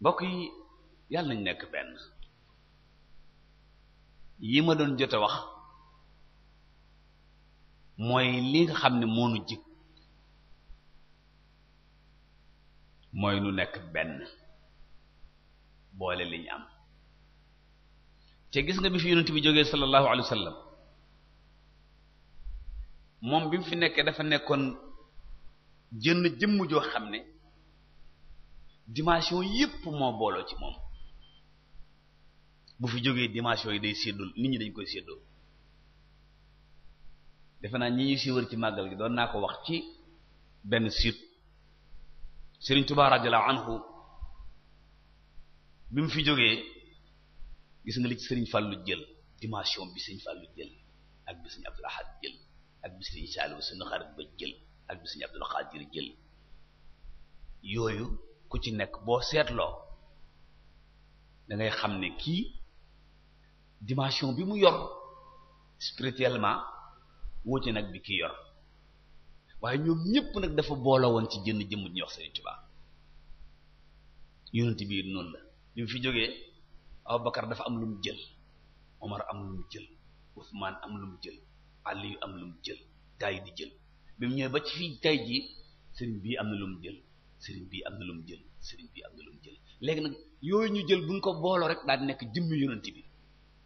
mbokk yi yàlla nañ nekk benn yi ma doon jot a wax mooy li xam ne moonu jik mooy nu nekk benn boole li ñu am te gis nga bi fi yonent bi jógee sallallahu alayhi wa moom bi mu fi nekkee dafa nekkoon jën jëmm joo xam ne dimension yépp moo booloo ci moom bu fi jógee dimension yi day séddul nit ñi dañ koy séddoo defe naa ñi ñuy siiwar ci màggal gi doon naa ko wax ci benn siit Sëriñ Tuubaa radiyallahu anhu bi mu fi jógee gis nga li ci Sëriñ Fàllu jël dimension bi Sëriñ Fàllu jël ak bi Sëriñ Abdul Ahad jël ak bi sëriñ Saaliw sunu xarit ba jël ak bi sëriñ Abdul Xaadir jël yooyu ku ci nekk boo seetloo dangay xam ne kii dimension bi mu yor spirituellement wóote nag bi kii yor waaye ñoom ñëpp nag dafa boole woon ci jënn jëmm ñuy wax Sëriñ Tuubaa yonent bi noonu la ñu mu fi jógee Abubakar dafa am lu jël Omar am lum mu jël Usmaan am lu mu jël àll yu am lu mu jël gaa di jël bi mu ñëwee ba ci fii tey jii sëriñ bii am na lu mu jël sëriñ bii am na lu mu jël léegi nag yooyu ñu jël buñ ko booloo rek daal nekk jimmi yonent bi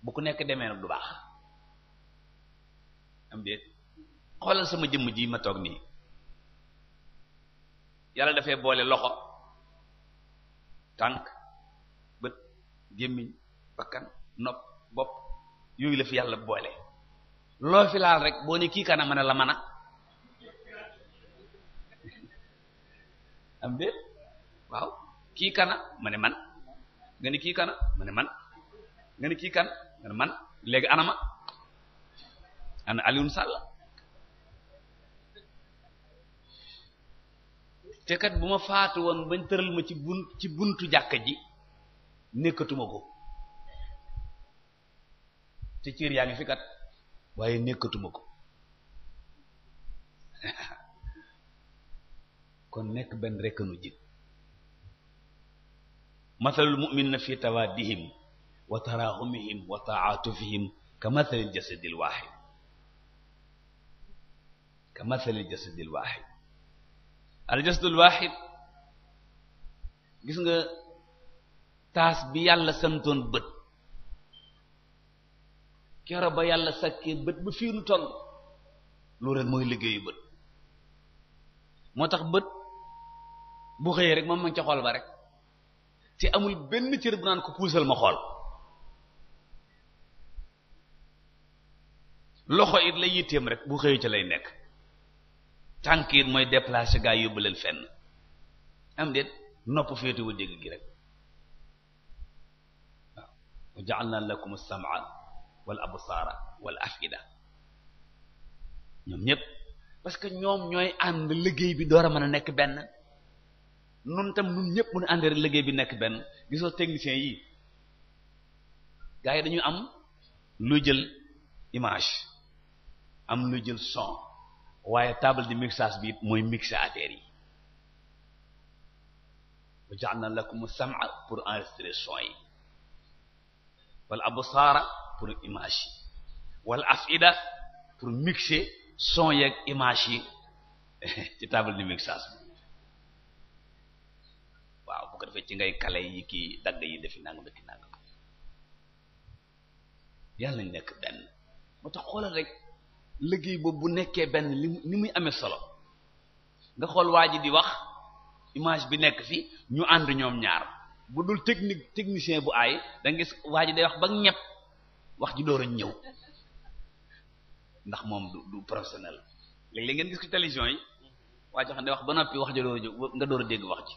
bu ku nekk demee nag du baax am déet xoolal sama jëmm ji ma toog nii yàlla dafay boole loxo tànk bët gémmiñ bakkan nopp bopp yooyu la fi yàlla boole lool fi rek boo ne kii kana mën a la mana a waaw kii kana mane man nga ni kii kana ma ne man nga ni kii kan nga ne man léegi anama ana Alioune Sall te kat bu ma faatu woon bañ tëral ma ci buntu jàkka ji nekkatuma ko te ciir yaa ngi fi kat waaye nekkatuma ko kon nekk benn rekk nu jig mathalul mu'minina fi tawaddihim wa tarahumihim wa ta'atufihim ka mathalil jasadil wahid ka mathalil jasadil wahid al jasadul wahid gis nga taas bi yàlla santoon bët kero ba yàlla sakkee bët ba fii nu toll loolu rek mooy liggéeyu bët moo tax bët bu xëyee rek moom ma ca xool ba rek te amul benn cër bu naan ko puusal ma xool loxo it la yitteem rek bu xëyee ca lay nekk tànk mooy déplacer gaa yóbbu leen fenn am déet nopp féetewu dégg gi rek waaw wa ja'alna lakum as-sam'a wal absaara wal afida ñoom ñëpp parce que ñoom ñooy ànd liggéey bi door a mën a nekk benn nun tam nun ñëpp mën a ànd liggéey bi nekk benn gisoo techniciens yi gars yi dañu am lu jël image am lu jël son waaye table de mixage bi mooy mixé affaire yi wa ja'alna lakum sam'a pour enregistrer son yi wal absaara pour image walla wala ida pour mixer son yeeg image yi ci table de mixage waaw bu ko defee ci ngay kale yi kii dagg yi defi nangam defi nangam yàlla nañ nekk benn moo tax xoolal rek liggéey boobu bu nekkee benn li muy amee solo nga xool waa ji di wax image bi nekk fi ñu ànd ñoom ñaar bu dul technique technicien bu aay da gis waa ji day wax ba ñepp wax ji door a ñëw ndax moom du du professionnel léeg-léeg ngeen gis ko télévision yi waa wax ba noppi wax ji a nga door a dégg wax ji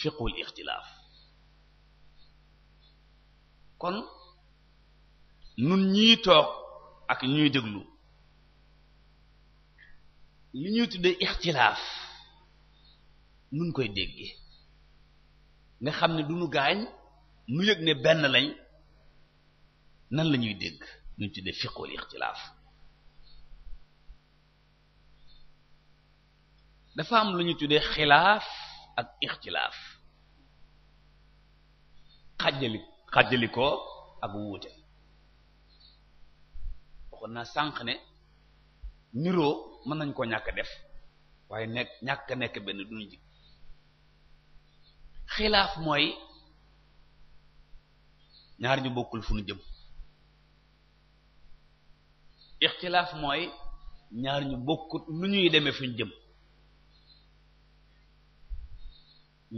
fiqul ixtilaaf kon nun ñii toog ak ñuy déglu li ñuy tuddee ixtilaaf nun koy déggee nga xam ne du nu gaañ nu yëg ne benn lañ nan la ñuy dégg ñu tuddee fiqhul ixtilaaf dafa am lu ñu tuddee xilaaf ak ixtilaaf xajjali xajjalikoo ak wuute waxoon naa sànq ne niroo mën nañ koo ñàkk def waaye ñàkk nekk benn duñu ji xilaaf mooy ñaar ñu bokkul fu ñu jëm ixtilaaf mooy ñaar ñu bokkut nu ñuy demee fuñ jëm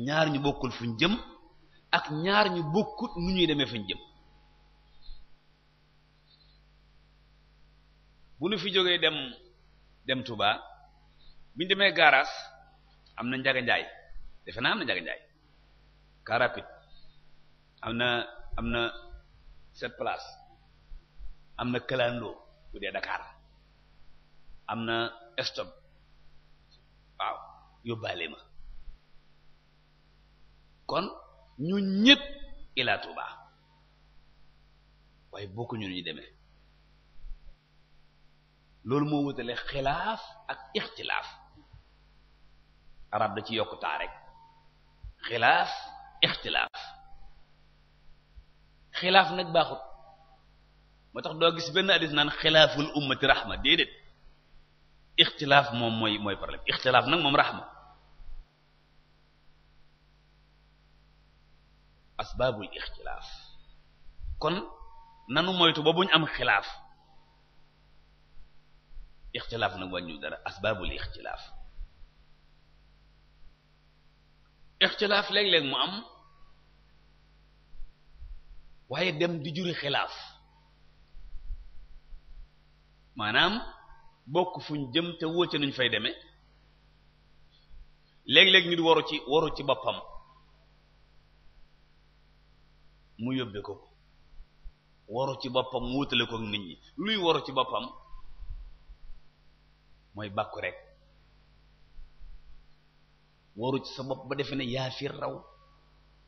ñaar ñu bokkul fuñ jëm ak ñaar ñu bokkut nu ñuy demee fuñ jëm bu ñu fi jógee dem dem Touba biñu demee gaaraas am na njaga njaay defe naa am na njaga njaay car am na am na sept place am na kalandoo bu dee Dakar am na stop waaw yóbbaale kon ñu ñépp ilaa Tuubaa waaye bokkuñu ñu demee loolu moo wutale xilaaf ak ixtilaaf arab da ci yokk taa rek xilaaf xilaaf nag baaxut moo tax doo gis benn addis naan xilaaful ummati rahma déedéet ixtilaaf moom mooy mooy problème ixtilaaf nag moom rahma asbaabul ixtilaaf kon nanu moytu ba buñ am xilaaf ixtilaaf nag wàññu dara asbaabul ixtilaaf ixtilaaf léeg-léeg mu am waaye dem di juri xilaaf maanaam bokk fuñ jëm te wóote nuñ fay demee léeg-léeg nit waru ci waru ci boppam mu yóbbe ko waru ci boppam mu ko nit ñi luy waru ci boppam mooy bàkku rek waru ci sa bopp ba defe ne yaa fi raw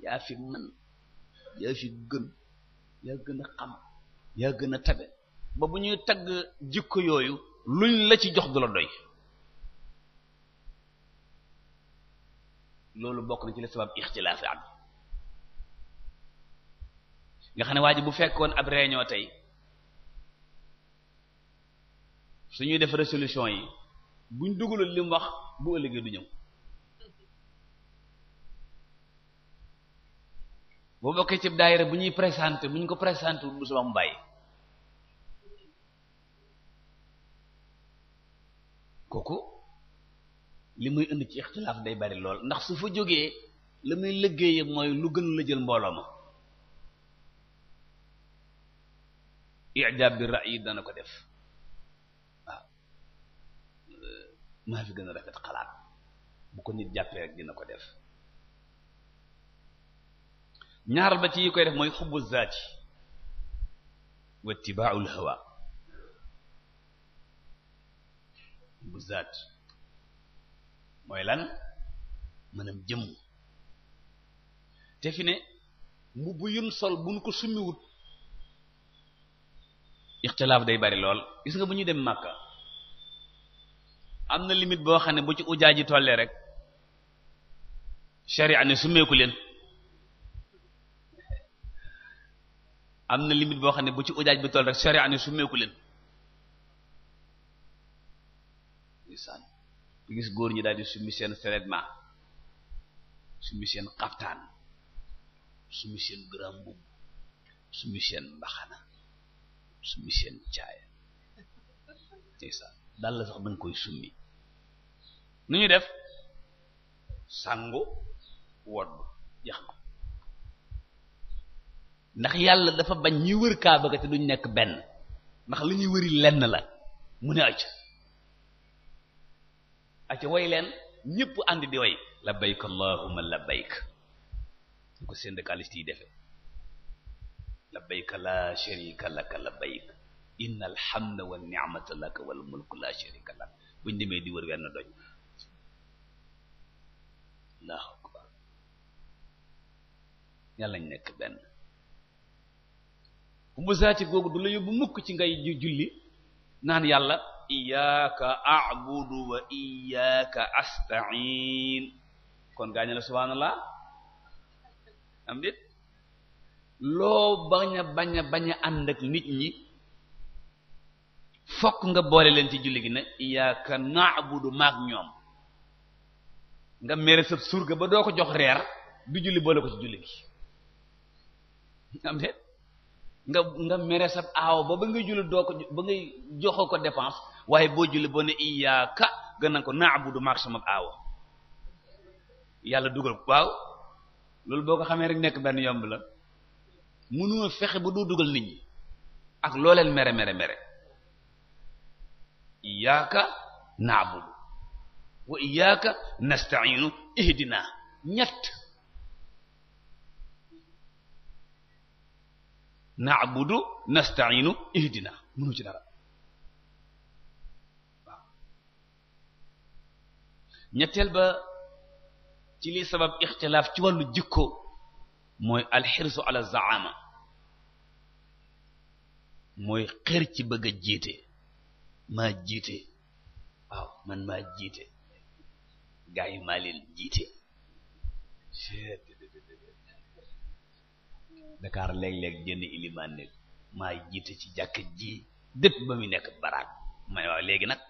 yaa fi man yaa fi gën yaa gën a xam yaa gën a tabe ba bu ñuy tagg jikko yooyu luñ la ci jox du la doy loolu bokk na ci la sabab ixtilaaf am nga xam ne waa bu fekkoon ab réunion tey su ñuy def solution yi buñ dugalul li mu wax bu ëllëgee du ñëw boo bokkee ci daayira bu ñuy présenté bu ñu ko présenté bu suba mu bàyyi kooku li muy indi ci ixtilaaf day bari lool ndax su fa jógee la may liggéeyee mooy lu gën la jël mbooloo ma ijaab bi ra'yi dana ko def waaw maa fi gën a rafet xalaat bu ko nit jàppee rek dina ko def ñaaral ba ci yi koy def mooy xubbu zaati wa ittibaa'ul hawa mooy lan maanaam jëmm te fi ne mbubb yun sol buñ ko summiwut ixtilaaf day bari lool gis nga bu ñuy dem Makka am na limite boo xam ne bu ci ujaaji tollee rek sharia ne summeeku leen am na limite boo xam ne bu ci ujaaj bi toll rek sharia ne su meeku leen gis góor ñi daal di summi seen survêtement summi seen xaftaan summi seen grand mbubb summi seen mbaxana summi seen caaya isaan daal la sax danga koy summi nu ñu def sangu wodd ndax yàlla dafa bañ ñi wër kaaba ga te duñ nekk benn ndax li ñuy wëri lenn la mu ne acca acca way leen ñépp and di way labbayk allahumma labbayk ñu ko syndicaliste defe labbayk la sharika laka labbayk innal hamda wan ni'mata laka wal mulku la sharika lak buñ demee di wër wenn doñ allahu akbar yàlla ñu nekk benn bu zaati googu du la yóbbu mukk ci ngay julli naan yàlla iyyaka a'budu wa iyyaka asta'in kon gaañe la subhaanallah am dit loo bañ a bañ a bañ a ànd ak nit ñi fokk nga boole leen ci julli gi ne iyyaka na'budu maak ñoom nga mere sa surga ba doo ko jox reer du julli boole ko ci julli gi nga nga mere sab aaw ba ba ngay julli doo ko ba ngay joxoo ko dépense waaye boo julli boo ne iyyaka gën na ko na'budu maak sama aaw yàlla dugal waaw loolu boo ko xamee rek nekk benn yomb la mënoo fexe ba doo dugal nit ñi ak loo leen mere mere mere iyyaka na'budu wa iyyaka nasta'inu ihdina ñett na nasta'inu ihdina ba ci li sabab ixtilaaf ci wàllu jikko mooy alxirsu ala zaama mooy xër ci bëgg jiite ma jiite waaw man maa jiite gaa yi jiite Dakar léeg-léeg jënd ilimaan ne maa jiite ci jàkk ji dëpp ba muy nekk baraat may waaw léegi nag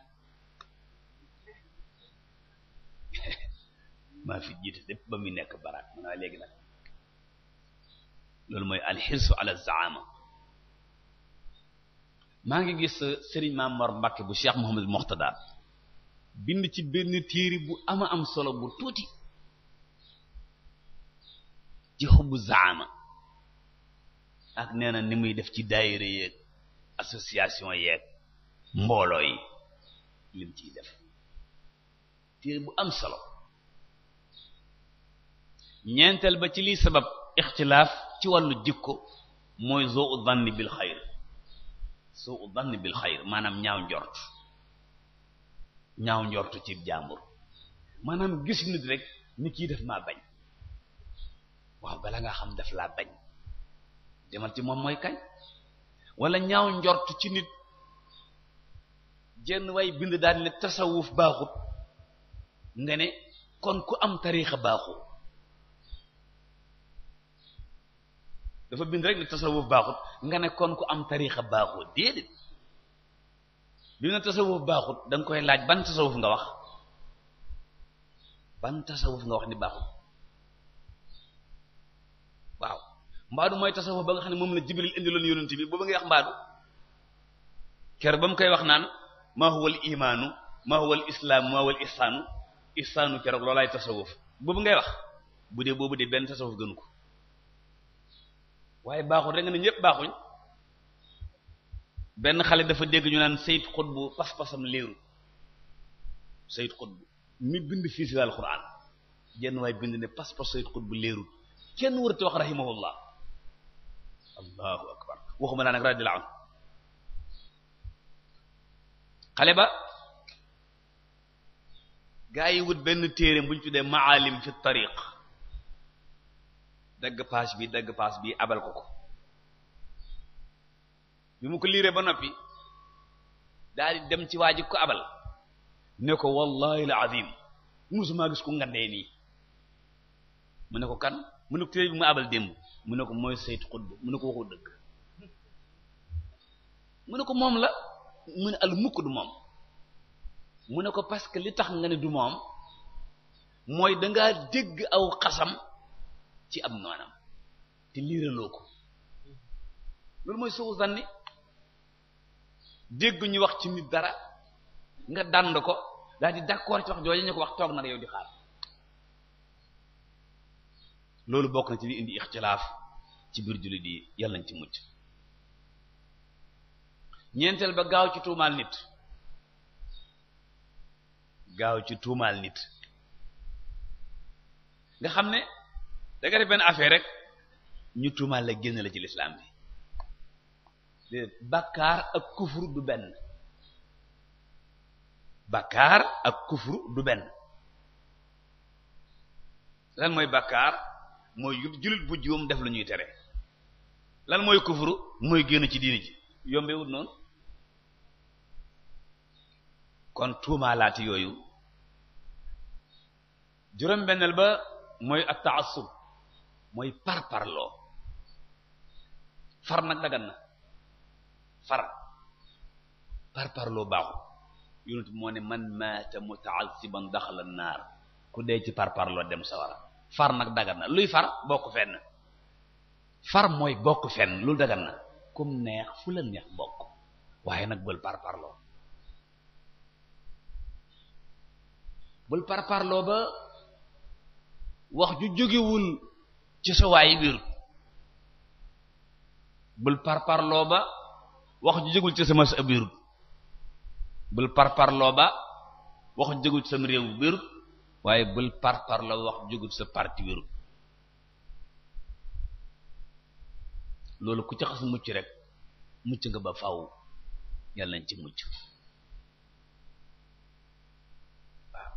maa fi jiite dëpp ba muy nekk baraat may léegi nag loolu mooy alxirsu ala zaama maa ngi gis Serigne Maam Mor Mbacke bu Cheikh Mouhamad Moxtada bind ci benn téere bu ama am solo bu tuuti ci xubbu zaama ak nee na ni muy def ci daayira yeeg association yeeg mbooloo yi lim ciy def téere bu am solo ñeenteel ba ci liy sabab ixtilaaf ci wàllu jikko mooy zoo u dhanni bil xayr zoo u dhanni bil xayr maanaam ñaaw njort ñaaw njort ci jàmbur maanaam gis nit rek ni kii def maa bañ waaw bala nga xam daf laa bañ demal ci moom mooy kañ wala ñaaw njort ci nit jenn way bind daal ne tasawuf baaxut nga ne kon ku am tariixa baaxut dafa bind rek ne tasawuf nga ne kon ku am tariixa bi mu ne tasawuf baaxut da koy laaj ban tasawuf nga wax ban tasawuf nga wax ni baaxut mbaadu mooy tasawuf ba nga xam ne moom la jibril indiloon yonent bi booba ngay wax mbaadu ker ba mu koy wax naan maa huwal imaanu maa huwal islaam maa huwal ihsaanu ihsaanu keroog loolaay tasawuf boobu ngay wax bu dee boobu de benn tasawuf gënu ko waaye baaxul rek nga ne ñëpp baaxuñ benn xale dafa dégg ñu naan Sayyid Qutb pas-pasam leeru Sayyid Qutb mi bind fii si jenn waay bind ne pas-pas Sayyid bu leeru kenn waratu wax allahu akbar waxuma laa nag radiyallahu anhu xale ba gaa yi wut benn téere buñ tuddee maalim fi tariq dagg paas bi dagg paas bi abal ko ko bi mu ko liiree ba noppi daal dem ci waa ji ko abal ne ko wallahi la azim musuma gis ku ngandee nii mu ne ko kan mu ne ko téere bi mu abal démb mu ne ko mooy sayt xutb mu ne ko waxoo dëgg mu ne ko moom la mu ne al du moom mu ne ko parce que li tax nga ne du moom mooy dangaa dégg aw xasam ci ab noonam te liiraloo ko loolu mooy suu zanni dégg ñu wax ci nit dara nga dand ko daal di d'accord ci wax jooju ñu ko wax toog na yow di xaar loolu bokk na ci li indi ixtilaaf ci biir jullit yi yàlla nañ ci mucc ñeenteel ba gaaw ci tuumaal nit gaaw ci tuumaal nit nga xam ne da nga benn affaire rek ñu tuumaal la génn la ci lislaam bi de bàkkaar ak kufur du benn bàkkaar ak kufur du benn lan mooy bàkkaar mooy jullit bu juum def lu ñuy tere lan mooy kufru mooy génn ci diini ji yombewul noonu kon tuumaalaati yooyu juróom-benneel ba mooy ak taassub mooy parparloo far nag dagan na far parparloo baaxu yonent moo ne man maata muta'assiban daxala naar ku dee ci parparloo dem sawara far nag dagan na luy far bokk fenn far mooy bokk fenn loolu dagan na kum neex fu la neex bokk waaye nag bël par parloo bul par parloo ba wax ju jógewul ci sa waay biir bul par parloo ba wax ju jógewul ci sama sa biir bul par parloo ba wax ju jógewul ci sam réew biir waaye bul par parloo wax ju jógewul ci sa parti biir loolu ku ci xas mucc rek mucc nga ba faw yàlla nañ ci mucc waaw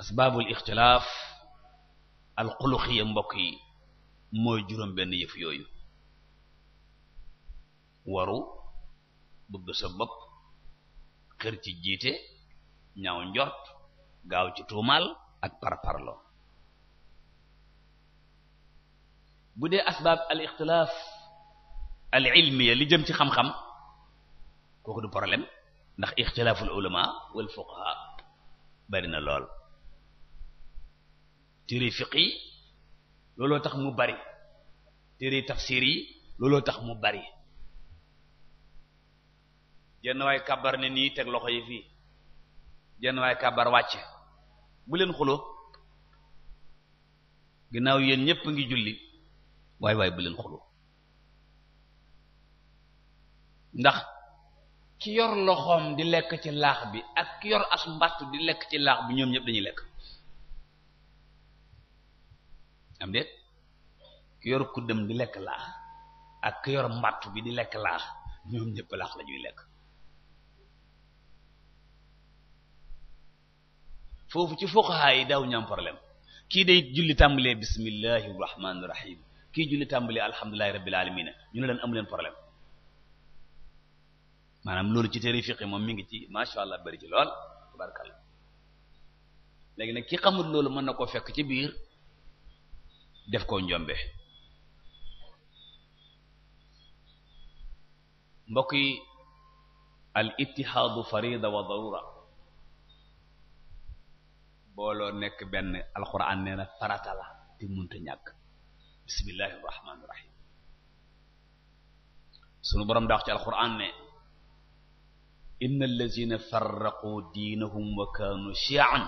asbaabul ixtilaaf alxuluxiya mbokk yi mooy juróom benn yëf yooyu waru bëgg sa bopp xër ci jiite ñaw njort gaaw ci tuumaal ak parparloo bu dee asbaab al ixtilaaf al ilmiya li jëm ci xam-xam kooku du problème ndax ixtilaaful ulama wal fuqaha bari na lool téere fiq yi looloo tax mu bari téere tafsir yi looloo tax mu bari jenn waay kabar ne nii teg loxo yi fii jenn waay kabar wàcce bu leen xuloo ginnaaw yéen ñépp ngi julli waaye waaye bu xuloo ndax ki yor loxoom di lekk ci laax bi ak ki yor as mbattu di lekk ci laax bi ñoom ñëpp dañuy lekk am déet ki lekk laax ak ki bi di lekk laax ñoom ñëpp ñuy lekk foofu ci fuqaha yi daaw ñu am problème kii day julli tàmbalee bismillahi rahmaani rahim kii julli tàmbali alhamdulillahi rabbil alamin ñu a leen amu leen maanaam loolu ci téere fiqi moom mu ngi ci masha Allah bari ci lool léegi nag ki xamul loolu mën na koo fekk ci biir def koo njombe mbokk yi al ittihaadu farida wa darura booloo nekk benn alquran nee na farata la munta ñàkk bismillahi irrahmani irahim sunu borom daa wax ci alquran ne inna allazina farraqu diinahum wa kaanu shi'an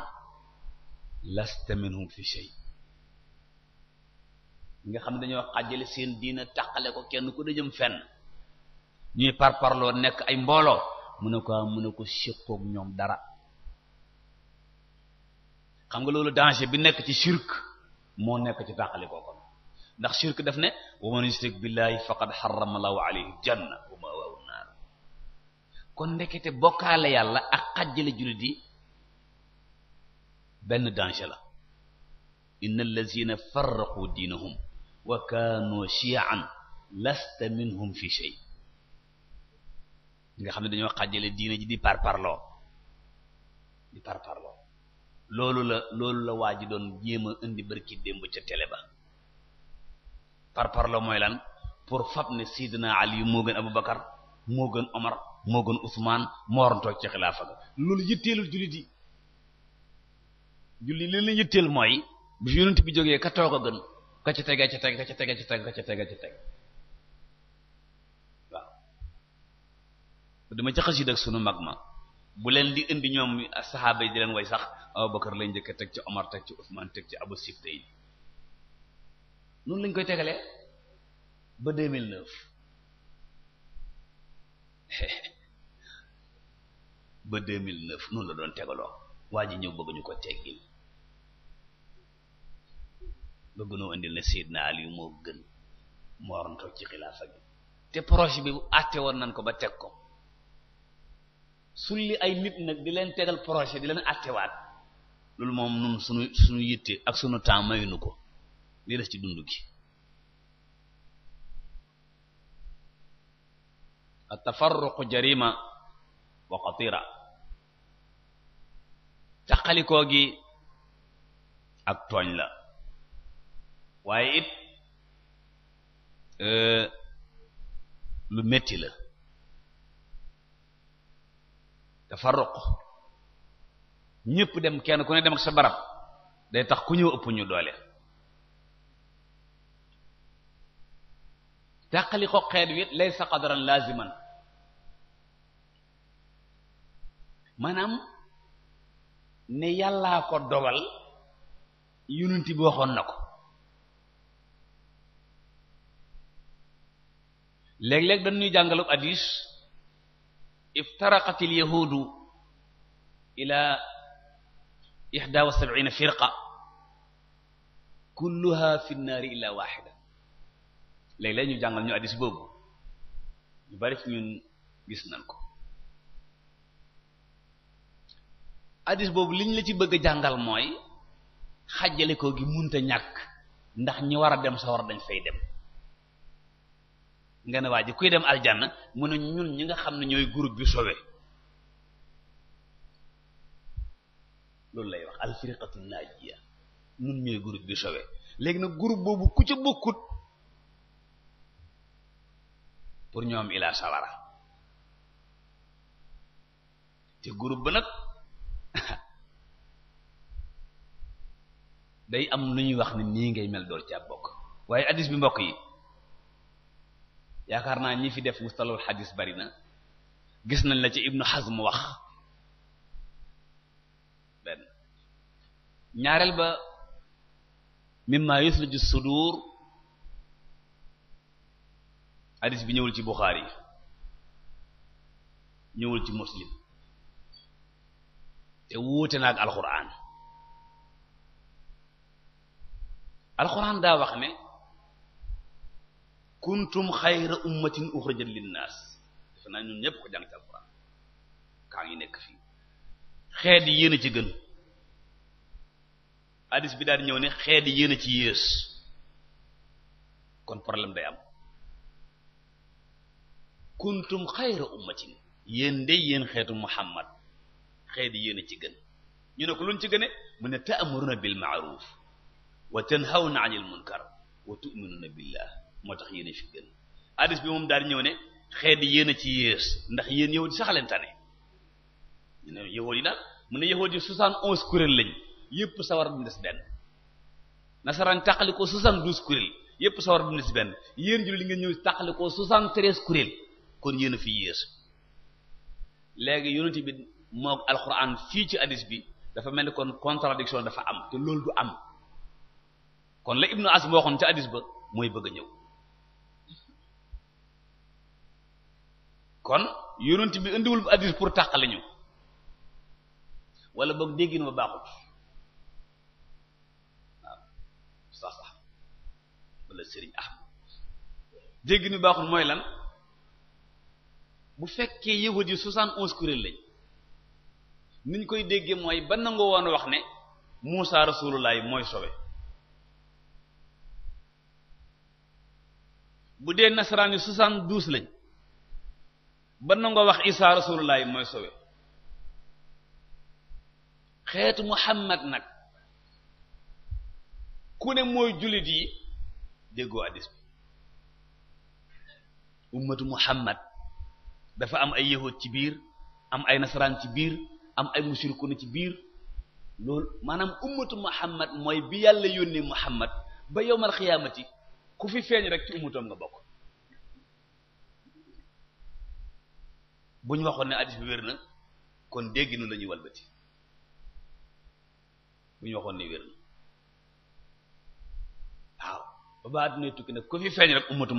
lasta minhum fi shay nga xam ne dañoo xàjjale seen diina tàqale ko kenn ku dëjëm fenn ñuy parparloo nekk ay mbooloo mu ne ko ah, mu ne ko séqoog ñoom dara xam nga loolu danger bi nekk ci shirk moo nekk ci tàqale ko kon ndax shirk daf ne wa man yushrik billahi faqad harrama allahu alayhi janna wa kon ndekete bokkaale yàlla ak xajale jullit yi benn danger la innal lazina farraqu diinahum wa kaanu shi'an lasta minhum fi shay nga xam ne dañoo xajjale diina ji di parparloo di parparloo loolu la loolu la waa ji doon jéem a indi barki démb ca télé ba par la mooy lan pour fab ne Sidina Ali moo gën Aboubacar moo gën Omar moo gën Ousmane moo waroon ci xilaafa ga loolu yitteelul jullit yi jullit li leen yitteel mooy bu fi yonent bi jógee ka toog a gën ka ci tege ci teg ka ci tege ci teg ka ci tege ci teg waaw ci sunu mag ma bu leen di indi ñoom saxaaba yi di leen way sax Aboubacar lañ njëkk teg ci Omar teg ci Ousmane ci Abu Sibtayni noonu lañ koy tegale ba 2009 ba 2009 noonu la doon tegaloo waa ji ñëw bëgg ñu ko teggil bëgg noo indil ne Seydina Aliou moo gën moo waroon ci xilaafa gi te projet bi bu àtte woon nañ ko ba teg ko sulli ay nit nag di leen tegal projet di leen àttewaat loolu moom nun suñu suñu yitte ak sunu temps mayuñu ko li des ci dund gi at-tafarruqu jarima wa qatira caqalikoo gi ak tooñ la waaye it euh, lu metti la tafarruq ñépp dem kenn ku ne dem ak sa barab day tax ku ñëw ëpp ñu doole tàqali ko xeet wi lay sa qadaran laziman maanaam ne yàllaa ko dogal yununti bi waxoon na ko léeg-léeg dañuy jàngalub hadis iftaraqatil yahuudu ila ihda wa sab'ina firqa kulluha fi nnaari illa waxida léegi léeg ñu jàngal ñu addis boobu ñu bari ci ñun gis nañ ko addis boobu liñ la ci bëgg a jàngal mooy xàjjale ko gi munta ñàkk ndax ñi war a dem sa war dañ fay dem ngeen ne waa kuy dem aljanna mu ne ñun ñi nga xam ne ñooy groupe bi sowe loolu lay wax alfirqatu naajiya ñun ñooy groupe bi sowe léegi nag groupe boobu ku ca bokkut pour ñoom ila sawara ci groupe ba nag day am lu ñuy wax ne nii ngay mel door ci bokk waaye hadis bi mbokk yi yaakaar naa ñi fi def mustalahul hadis bari na gis nañ la ci Ibnu Hazm wax benn ñaareel ba mimma yusliju sudur hadis bi ñëwul ci Bukhari ñëwul ci Muslim te wuute na ak alxuraan alxuraan daa wax ne kuntum xayra ummatin uxrijat linnaas defe naa ñun ñëpp ko jàng ci alxuraan kaa ngi nekk fii xeet yi yéen a ci gën hadis bi daal di ñëw ne xeet yi yéen ci yées kon problème day am kuntum xayra ummatin yéen de yéen xeetu muhammad xeet yéen a ci gën ñu ne ko luñ ci gën mu ne ta'muruna bil ma'ruf wa tanhawna 'anil munkar wa moo tax yéen a fi gën hadis bi moom daal ñëw ne xeet yéen a ci yées ndax yéen yahud yi sax leen tane ñu ne yahud yi daal mu ne yahud yi soixante onze kuréel lañ yépp sawar bu des benn nasaraan tàqalikoo soixante douze kuréel yépp sawar bu des benn yéen jullit li ngeen ñëw tàqalikoo soixante treize kuréel kon yéen a fi yées léegi yonent bi moo alquran fii ci hadis bi dafa mel ni kon contradiction dafa am te loolu du am kon la ibnu Asim waxoon ci hadis ba mooy bëgg a ñëw kon yonent bi indiwul hadis pour tàqale walla wala boog déggin ba baaxut waaw sax sax wala Serigne ah déggin bi baaxut mooy lan bu fekkee yahud yi soixante onze kuréel lañ niñ koy déggee mooy ba nangoo woon wax ne Muusa Rasulullah mooy sobe bu dee nasaraan yi soixante douze lañ ba nangoo wax Isa Rasulullah mooy sobe xeetu Muhammad nag ku ne mooy jullit yi déggoo addis bi ummatu Muhammad dafa am ay yahuud ci biir am ay nasaraan ci biir am ay mushrikuna ci biir loolu maanaam ummatu muhammad mooy bi yàlla yónnee muhammad ba yowmal xiyaamati ku fi feeñ rek ci ummatoom nga bokk bu waxoon ne addis bi wér na kon dégg nu la ñuy walbati bu ñu waxoon na waaw ba ba adduna tukki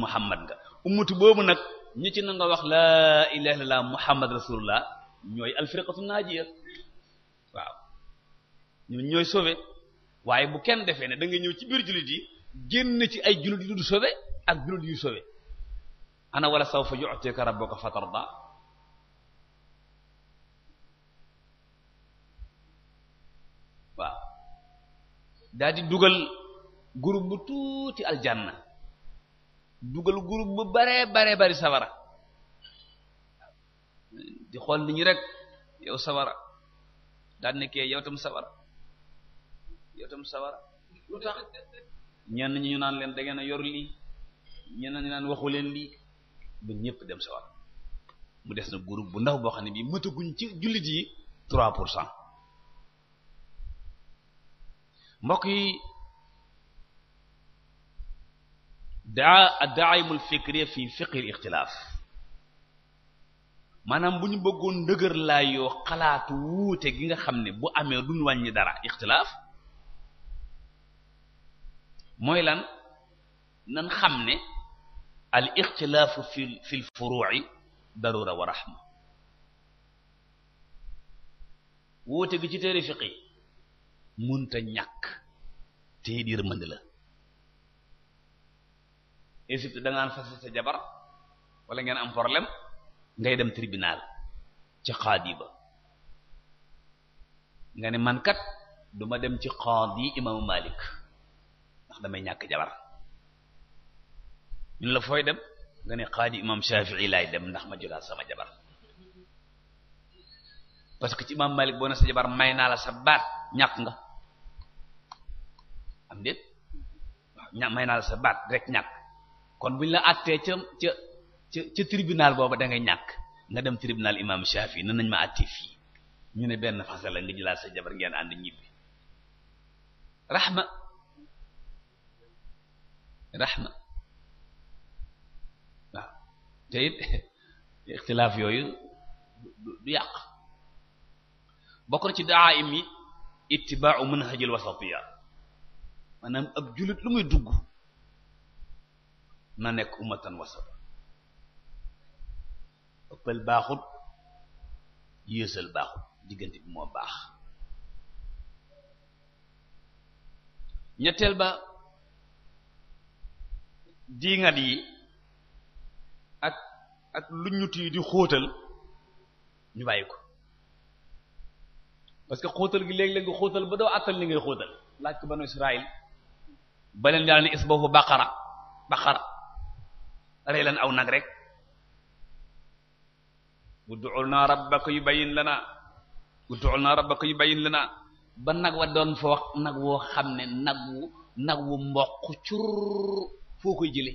muhammad nga ummatu boobu nag ñi ci nanga wax laa ilaha illallah muhammad rasulullah ñooy alfirqatu naajiya waaw ñun ñooy sauvé waaye bu kenn defee ne da ñëw ci biir jullit yi génn ci ay jullit yu du sauvé ak jullit yu sauvé ana wala sawfa yu'tika rabbuka fatarda waaw daal di dugal groupe bu tuuti aljanna dugal groupe bu baree bare bari safara di xool nit ñi rek yow safara daan nekkee yow tam safara yow tam safara lu tax ñi ñu naan leen da ngeen a yor lii ñenn ñu naan waxu leen lii ba ñëpp dem safara mu des na groupe bu ndax boo xam ne bii mëtaguñ ci jullit yi 3 pour cent mbokk daa addaimul fikriya fi fiqhil ixtilaaf maanaam bu ñu bëggoon ndëgër laay yoo xalaatu wuute gi nga xam ne bu amee duñ wàññi dara ixtilaaf mooy lan nan xam ne al ixtilaafu fi fi l furuu'i darura wa raxma wuute gi ci téere fiqi munta ñàkk te yërmande la Égypte da nga naan fase sa jabar wala ngeen am problème ngay dem tribunal ci xaadi ba nga ne man kat dem ci xaadi imaamu Malik ndax damay ñàkk jabar ñun la fooy dem nga ne xaadi imam Shafi'i laay dem ndax ma jotaat sama jabar parce que ci imam Malik boo na sa jabar may naa la sa baat ñàkk nga am déet may naa la sa baat rek ñàkk kon buñ la àttee ca ca ca ca tribunal booba da ngay ñàkk nga dem tribunal imam Shafi nan nañ ma àttee fii ñu ne benn fase la nga jëlaat sa jabar ngeen ànd ñibbi raxma raxma waaw te it ixtilaaf yooyu du yàq bokk na ci daa im yi ittibaa'u manhajil wasatiyya maanaam ab jullit lu muy dugg na nekk ummatan wasata ëppal baaxut yéesal baaxut diggante bi moo baax ñetteel ba diingat yi ak ak lu ñut yi di xóotal ñu bàyyi ko parce que xóotal gi léeg-léeg nga xóotal ba doo àttal li ngay xóotal laaj ko banu Israël ba leen yàlla ne isbahu baqara baqara rey leen aw nag rek ud'u lana rabbaka yubayyin lana ud'u lana yu yubayyin lana ba nag wa doon foo nag woo xam ne nag wu nag wu mboq curr foo koy jële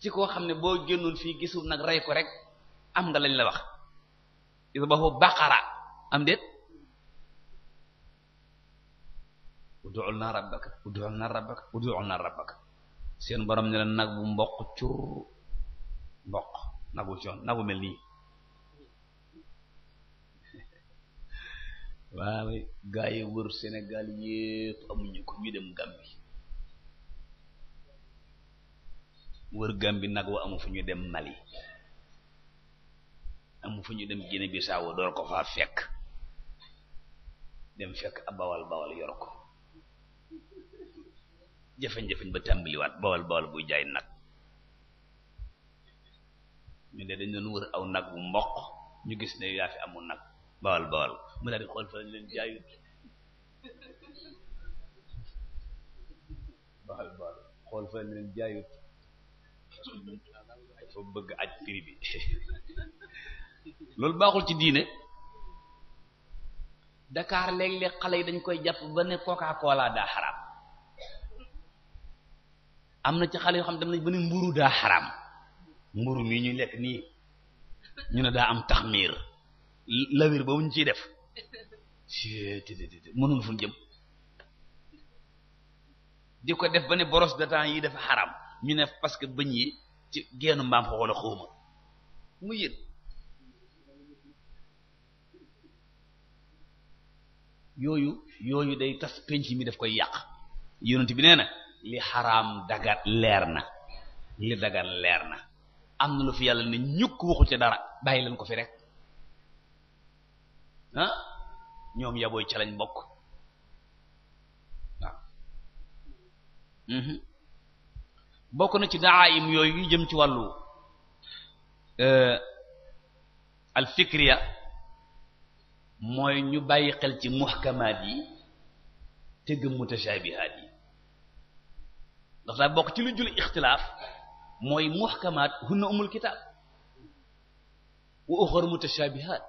ci koo xam ne boo génnoon fii gisul nag rey ko rek am nga lañ la wax yudbahu baqara am déet ud'u lana rabbaka ud'u lana rabbaka ud'u lana rabbaka seen borom ne la nag bu mboq cur mboq nagu coon nagu mel nii waaw gaa yi wër Sénégal yépp amuñu ko ñu dem Gambi wër Gambi nag wa amu fu ñu dem Mali amu fu ñu dem Guinée Bissau door ko faa fekk dem fekk a bawal yor ko jafeñ jafeñ ba tàmbaliwaat bawal bawal buy jaay nag ñu ne dañ doon wër aw nag bu mboq ñu gis ne yaa fi amul nag bawal bawal mu daal di xool fa lañ leen jaayut bawal bawal xool fa lañ leen jaayut dafa bëgg aj firi bi loolu baaxul ci diine Dakar léeg-léeg xale yi dañ koy jàpp ba ne coca daa xaraam am na ci xale yoo xam dem nañ ba ne mburu daa xaraam mburu mii ñuy lekk nii ñu ne daa am taxmiir lawir ba mu ñu ciy def mënul fu jëm di ko def ba ne boros de dents yi dafa xaram ñu ne parce que bëñ yi ci geenu mbaam ko wala xawma mu yën yooyu yooyu day tas penc mi daf koy yàq yonent bi nee na li xaram dagan leer na li dagan leer na am na lu fi yàlla ne ñukk waxu dara bàyyi leen ko fi rek ah? ñoom yabooy ca lañ bokk mhm. bokk na ci daayim yooyu yu jëm ci wàllu euh, al fikriya mooy ñu bàyyi xel ci muhkamaat yi te gëm mutashabihaat yi dafa daa bokk ci lu jul ixtilaaf mooy muhkamaat hunna umul kitaab wa uxar mutashaabihaat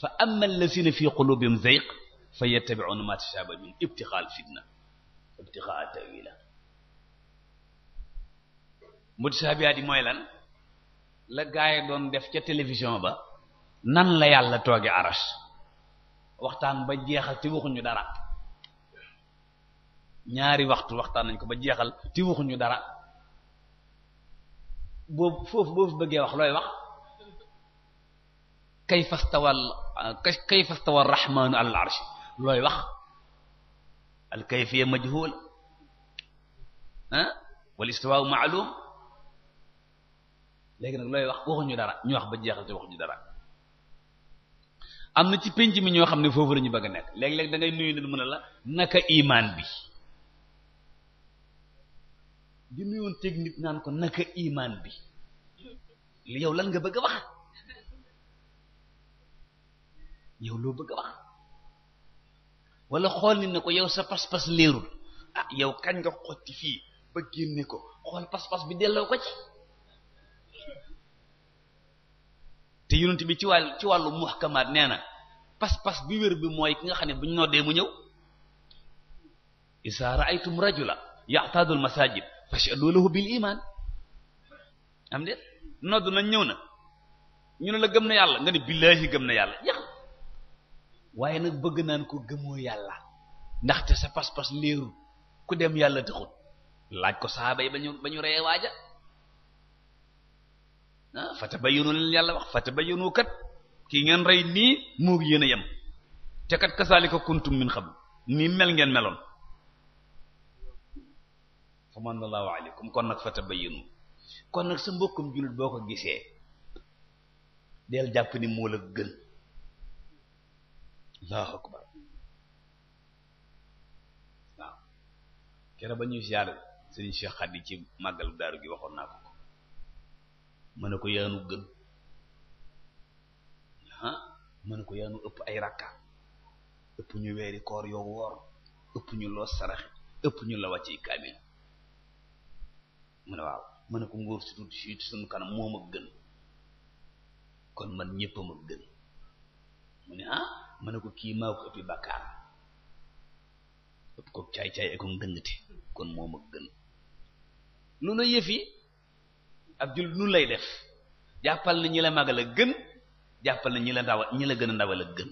fa amma allaziina fi quluubihim zayq fa yattabi'uuna maa tashaaba min ibtixaal fitna ibtixaa ta'wiila mutashaabihaat yi mooy lan la gaay doon def ca télévision ba nan la yàlla tooge arash waxtaan ba jeexal te waxuñu dara ñaari waxtu waxtaan nañ ko ba jeexal te waxuñu dara boobu foofu boo bëggee wax looy wax kay stawal kayfa stawa arrahmanu ala al arsh looy wax al kayfiyya majhula ah wal istiwa'u ma'lum léegi nag looy wax waxuñu dara ñu wax ba jeexal te dara am na ci penc mi ñoo xam ne foofu la ñu bëgg a nekk léeg-léeg da ngay nuyu nit mu ne la naka imaan bi di nuyoon technique naan ko naka imaan bi li yow lan nga bëgg a wax yow loo bëgg a wax wala xool nit ne ko yow sa pas-pas leerul ah yow kañ nga xotti fii ba génne ko xool pas-pas bi delloo ko ci te yonent bi ci wàll ci wàllu muhkamaat nee na pas-pas bi wér bi mooy ki nga xam ne bu ñu noddee mu ñëw isa ra'aytum la ya'tadul masajid fashhadu lahu bil iman am déet nodd na ñëw na ñu ne la gëm na yàlla nga ne billaahi gëm na yàlla yàq waaye nag bëgg naan ko gëmoo yàlla ndaxte sa pas-pas léeru ku dem yàlla taxut laaj ko saaba yi ba ñu ba ñu reyee waaja ah fatabayyunu leen yàlla wax fatabayyunu kat kii ngeen rey nii moo yéen a yem te kat kasaalika kuntum min xam nii mel ngeen meloon fa manallahu alaykum kon nag fa tabayyinu kon nag sa mbokkum jullit boo ko gisee del jàpp ni moo la gën allahu akbar waaw kere ba ñuy ziar sëriñ Cheikh Khady ci màggal daaru gi waxoon naa ko ko mën na ko yaanu gën mën na ko yaanu ëpp ay rakka ëpp ñu weeri koor yow woor ëpp ñu loo sarax ëpp ñu la wàcc kaamil mu ne waaw mën a ko ngóor si tuuti suñ kanam moom ak gën kon man ñëpp am ak gën mu ne ah mën a ko kii maa ko ëpp ko caay-caay ak ndëngte kon moom ak gën noonu la yi ab jul nu lay def jàppal na ñi la magal a gën jàppal na ñi la ndaw ñi la gën a ndawal a gën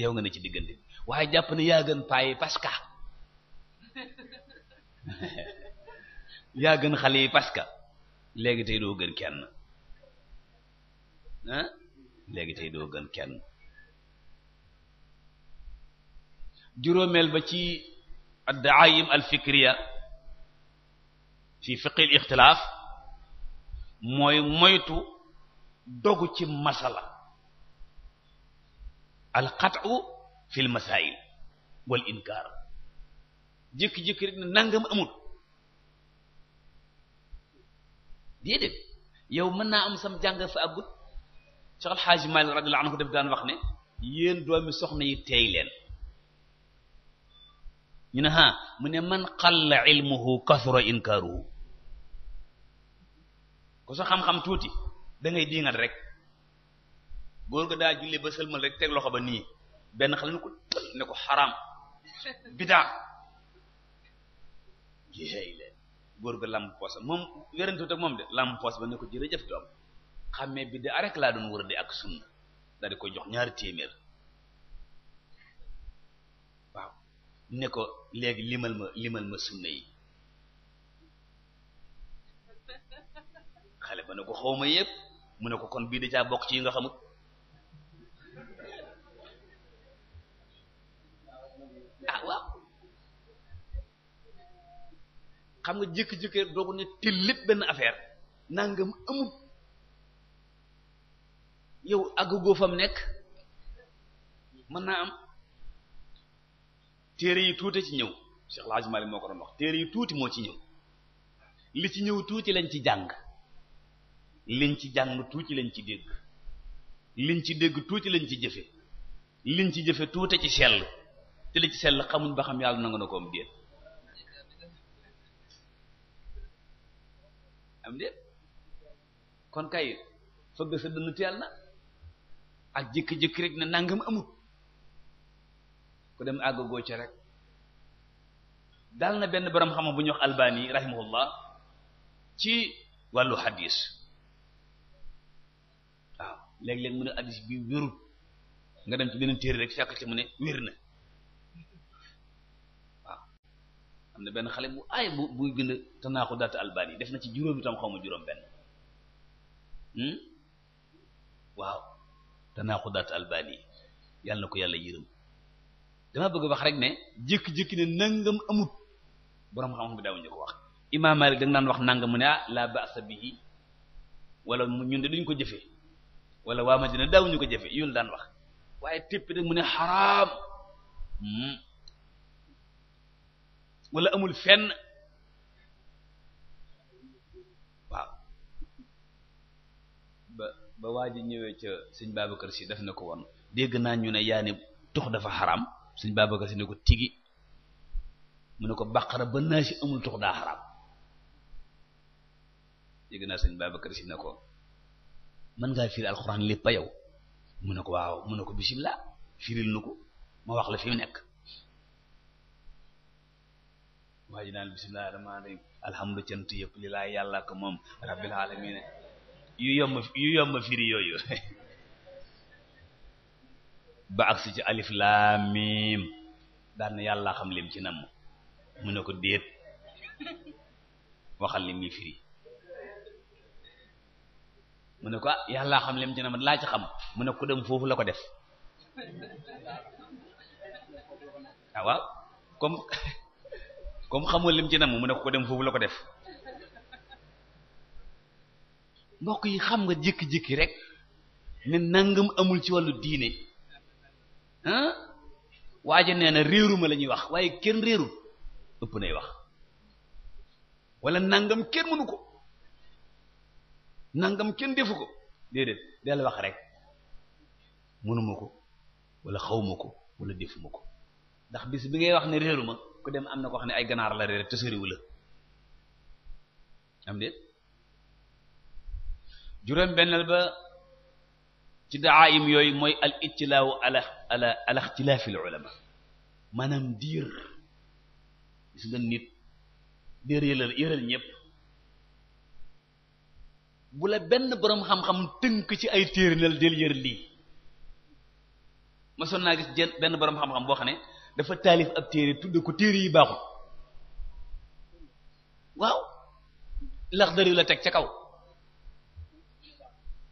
yow nga ne ci diggante waaye jàpp na yaa gën payi paska yaa gën xale yi parce que léegi tey doo gën kenn ah léegi tey doo gën kenn ba ci addaayim alfikriya fi fiqil ixtilaaf mooy moytu dogu ci masala alqat'u fi lmasail wal inkaar jékki-jékki rek ne déedéet yow mën naa am sam jàng fa agut Cheikh Al Hadj Malick radiyallahu anhu def daan wax ne yéen doomi soxna yi teey leen ñu ne mu ne man qalla ilmuhu kathura inkaaruhu ku sa xam-xam tuuti da ngay diingat rek góor ga daa julli ba sëlmal rek teg loxo ba nii benn xale ne ko ne ko xaraam bidaa. góor ga làmb poosam moom wérantu tak moom de làmb poos ba ne ko jërëjëf doom xammee bi de arek laa doon wër de ak sunna daal di jox ñaari téeméer waaw ne ko léegi limal ma limal ma sunna yi xale ba ne ko xawma yépp mu ne ko kon bii da caa bokk ci yi nga xamut xam nga jékki-jékki doogu ne te lépp benn affaire nangam amut yow àggugoo fam nekk mën naa am téere yi tuuti ci ñëw Cheikh Alhaji Malik moo ko doon téere yi tuuti moo ci ñëw li ci ñëw tuuti lañ ci jàng liñ ci jàng tuuti lañ ci dégg liñ ci dégg tuuti lañ ci jëfe liñ ci jëfe tuuti ci sell te li ci sell xamuñ ba xam yàlla nangu na koom déet am déet kon kay fëgg sa dënn teel na ak jékki-jékki rek ne nangam amut ku dem àggagoo ca rek daal na benn borom xam bu ñuy wax Albani rahimahullah ci wàllu hadis waaw léeg-léeg mu ne hadis bi wérut nga dem ci beneen téere rek fekk ci mu ne wér na am na benn xale bu ay bu buy bind tanaaqudaat albani def na ci juróomi tam xaw ma juróom benn hmm? waaw tanaaqudaat albani yàlla na ko yàlla yërëm dama bëgg wax rek ne jékki-jékki ne nangam amut boroom xam-xam bi daawuñu ko wax imaam Maalik da naan wax nanga mu ne ah la ba'sa bihi wala ñun de ko jëfee wala waa Madina daawuñu ko jëfee yun daan wax waaye tépp rek mu ne xaraam hmm? wala amul fenn waaw ba ba waa ji ñëwee ca sëñ Babacar si def na ko woon dégg naa ñu ne yaa ne tux dafa xaram suñ Babacar si ne ko tigi mu ne ko baqara ba naa si amul tux daa xaraam dégg naa sëñ Babacar si ne ko mën ngaa firi alxuraan lépp a yow mu ne ko waaw mu ne ko bismillah firil nu ko ma wax la fi nekk waa ji naan bismillahi rahmaani rahim alhamdu cant yëpp li laa yàlla ko moom rabbil alamin yu yomb yu yomb firi yooyu ba agsi ci alif laam daan yàlla xam lem ci nam mu ne ko déet waxal lim muy firi mu ne ko ah yàlla xam lim ci nam laa ci xam mu ne ko dem foofu la ko def ah, waaw comme comme xamul lim ci nam mu ne ko dem foofu la ko def mbokk yi xam nga jékki-jékki rek ne nangam amul ci wàllu diine ah waaja nee na réeruma la ñuy wax waaye kenn réerul ëpp nay wax walla nangam kenn mënu ko nangam kenn defu ko déedéet del wax rek mënuma ko wala xawma ko wala defuma ko ndax bis bi ngay wax ne réeruma ku dem am na ko xam ne ay ganaar la reer te sëriwu am déet juróom benneel ba ci daayim yooyu mooy al ittilaawu ala ala ala ixtilaafil ulama maanaam diir gis nga nit déer yëlal yëral bu la benn boroom xam-xam tënk ci ay téerinal del yër lii ma son naa gis benn boroom xam-xam boo xam ne dafa taalif ak téere tudd ko téere yi baaxul waaw lax laxdari la teg ca kaw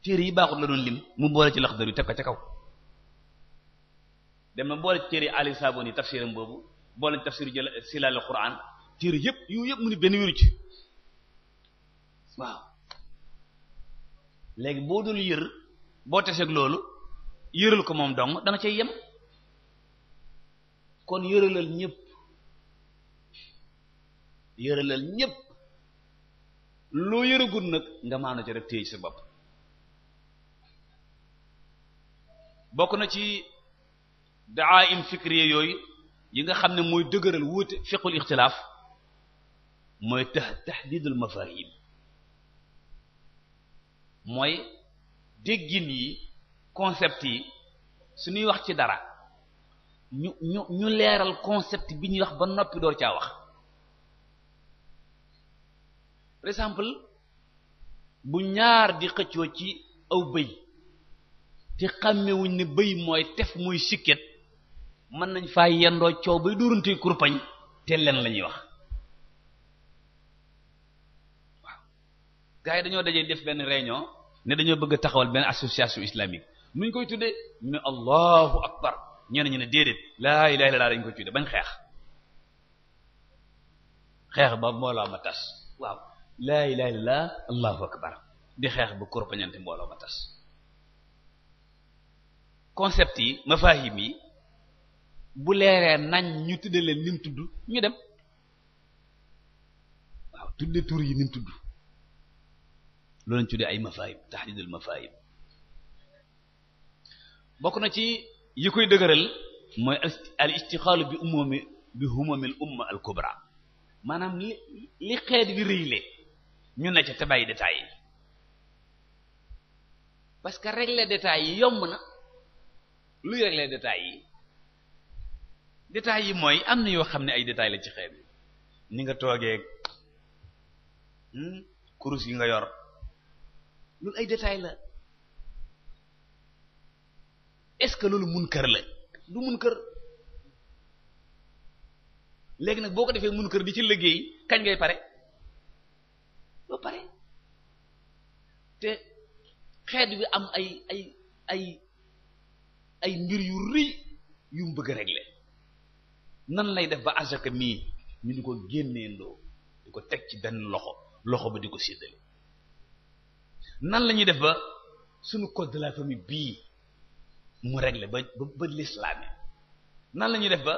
téere yi baaxul la doon lim mu boole ci laxdari teg ko ca kaw dem na boole ci téere Ali Sabuni tafsiram boobu boole ci tafsir jël silal Qur'an téere yëpp yu yëpp mu ni benn wéru ci waaw léegi boo dul yër boo teseeg loolu yëral ko moom dong danga cay yëpp kon yëralal ñëpp yëralal ñëpp loo yërëgul nag nga maano ci rek téye sa bopp bokk na ci daa im fikriye yooyu yi nga xam ne mooy dëgëral wuute fiqul ixtilaaf mooy tax taxdiidul mafahim mooy déggin yi concept yi suñuy wax ci dara ñu ñu ñu leeral concept bi ñuy wax ba noppi door caa wax par exemple bu ñaar di xëccoo ci aw bëy te xàmmewuñ ne bëy mooy tef muy sikket mën nañ faa yendoo coow bay dóorante kurpañ te leen la ñuy wax waaw gars yi dañoo dajee def benn réunion ne dañoo bëgg taxawal benn association islamique nuñ koy tuddee ñu ne allahu akbar ñenn ñi ne déedéet laa ilaha illallah dañ ko tudde bañ xeex xeex ba mbooloo ma tas waaw laa ilaha illallah allahu akbar di xeex ba kurpañante mbooloo ma tas concept yi mafahim yi bu leeree nañ ñu tudde leen ni tudd ñu dem waaw tudde tur yi ni mu tudd loolu lañ tuddee ay mafahim tahdidul mafahim bokk na ci yi koy dëgëral mooy al istixaalu bi umumi bi humamil umma al kubra maanaam li li xeet di rëyle ñu ne ca te bàyyi détails yi parce que régler détails yi yomb na luy régler détails yi détails yi mooy am na yoo xam ne ay détails la ci xeet bi ni nga toogee hmm, kurus yi nga yor loolu ay détails la est-ce que loolu mun kër la du mun kër léegi nag boo ko defee mun kër di ci liggéey kañ ngay pare loo pare te xeet bi am ay ay ay ay mbir yu rëy yu mu bëgg a le nan lay def ba asaka mii ñu di ko génneendoo di ko teg ci benn loxo loxo ba di ko séddale nan la ñuy def ba sunu code de la famille bii mu régler ba ba l'islam yi nan la ñuy def ba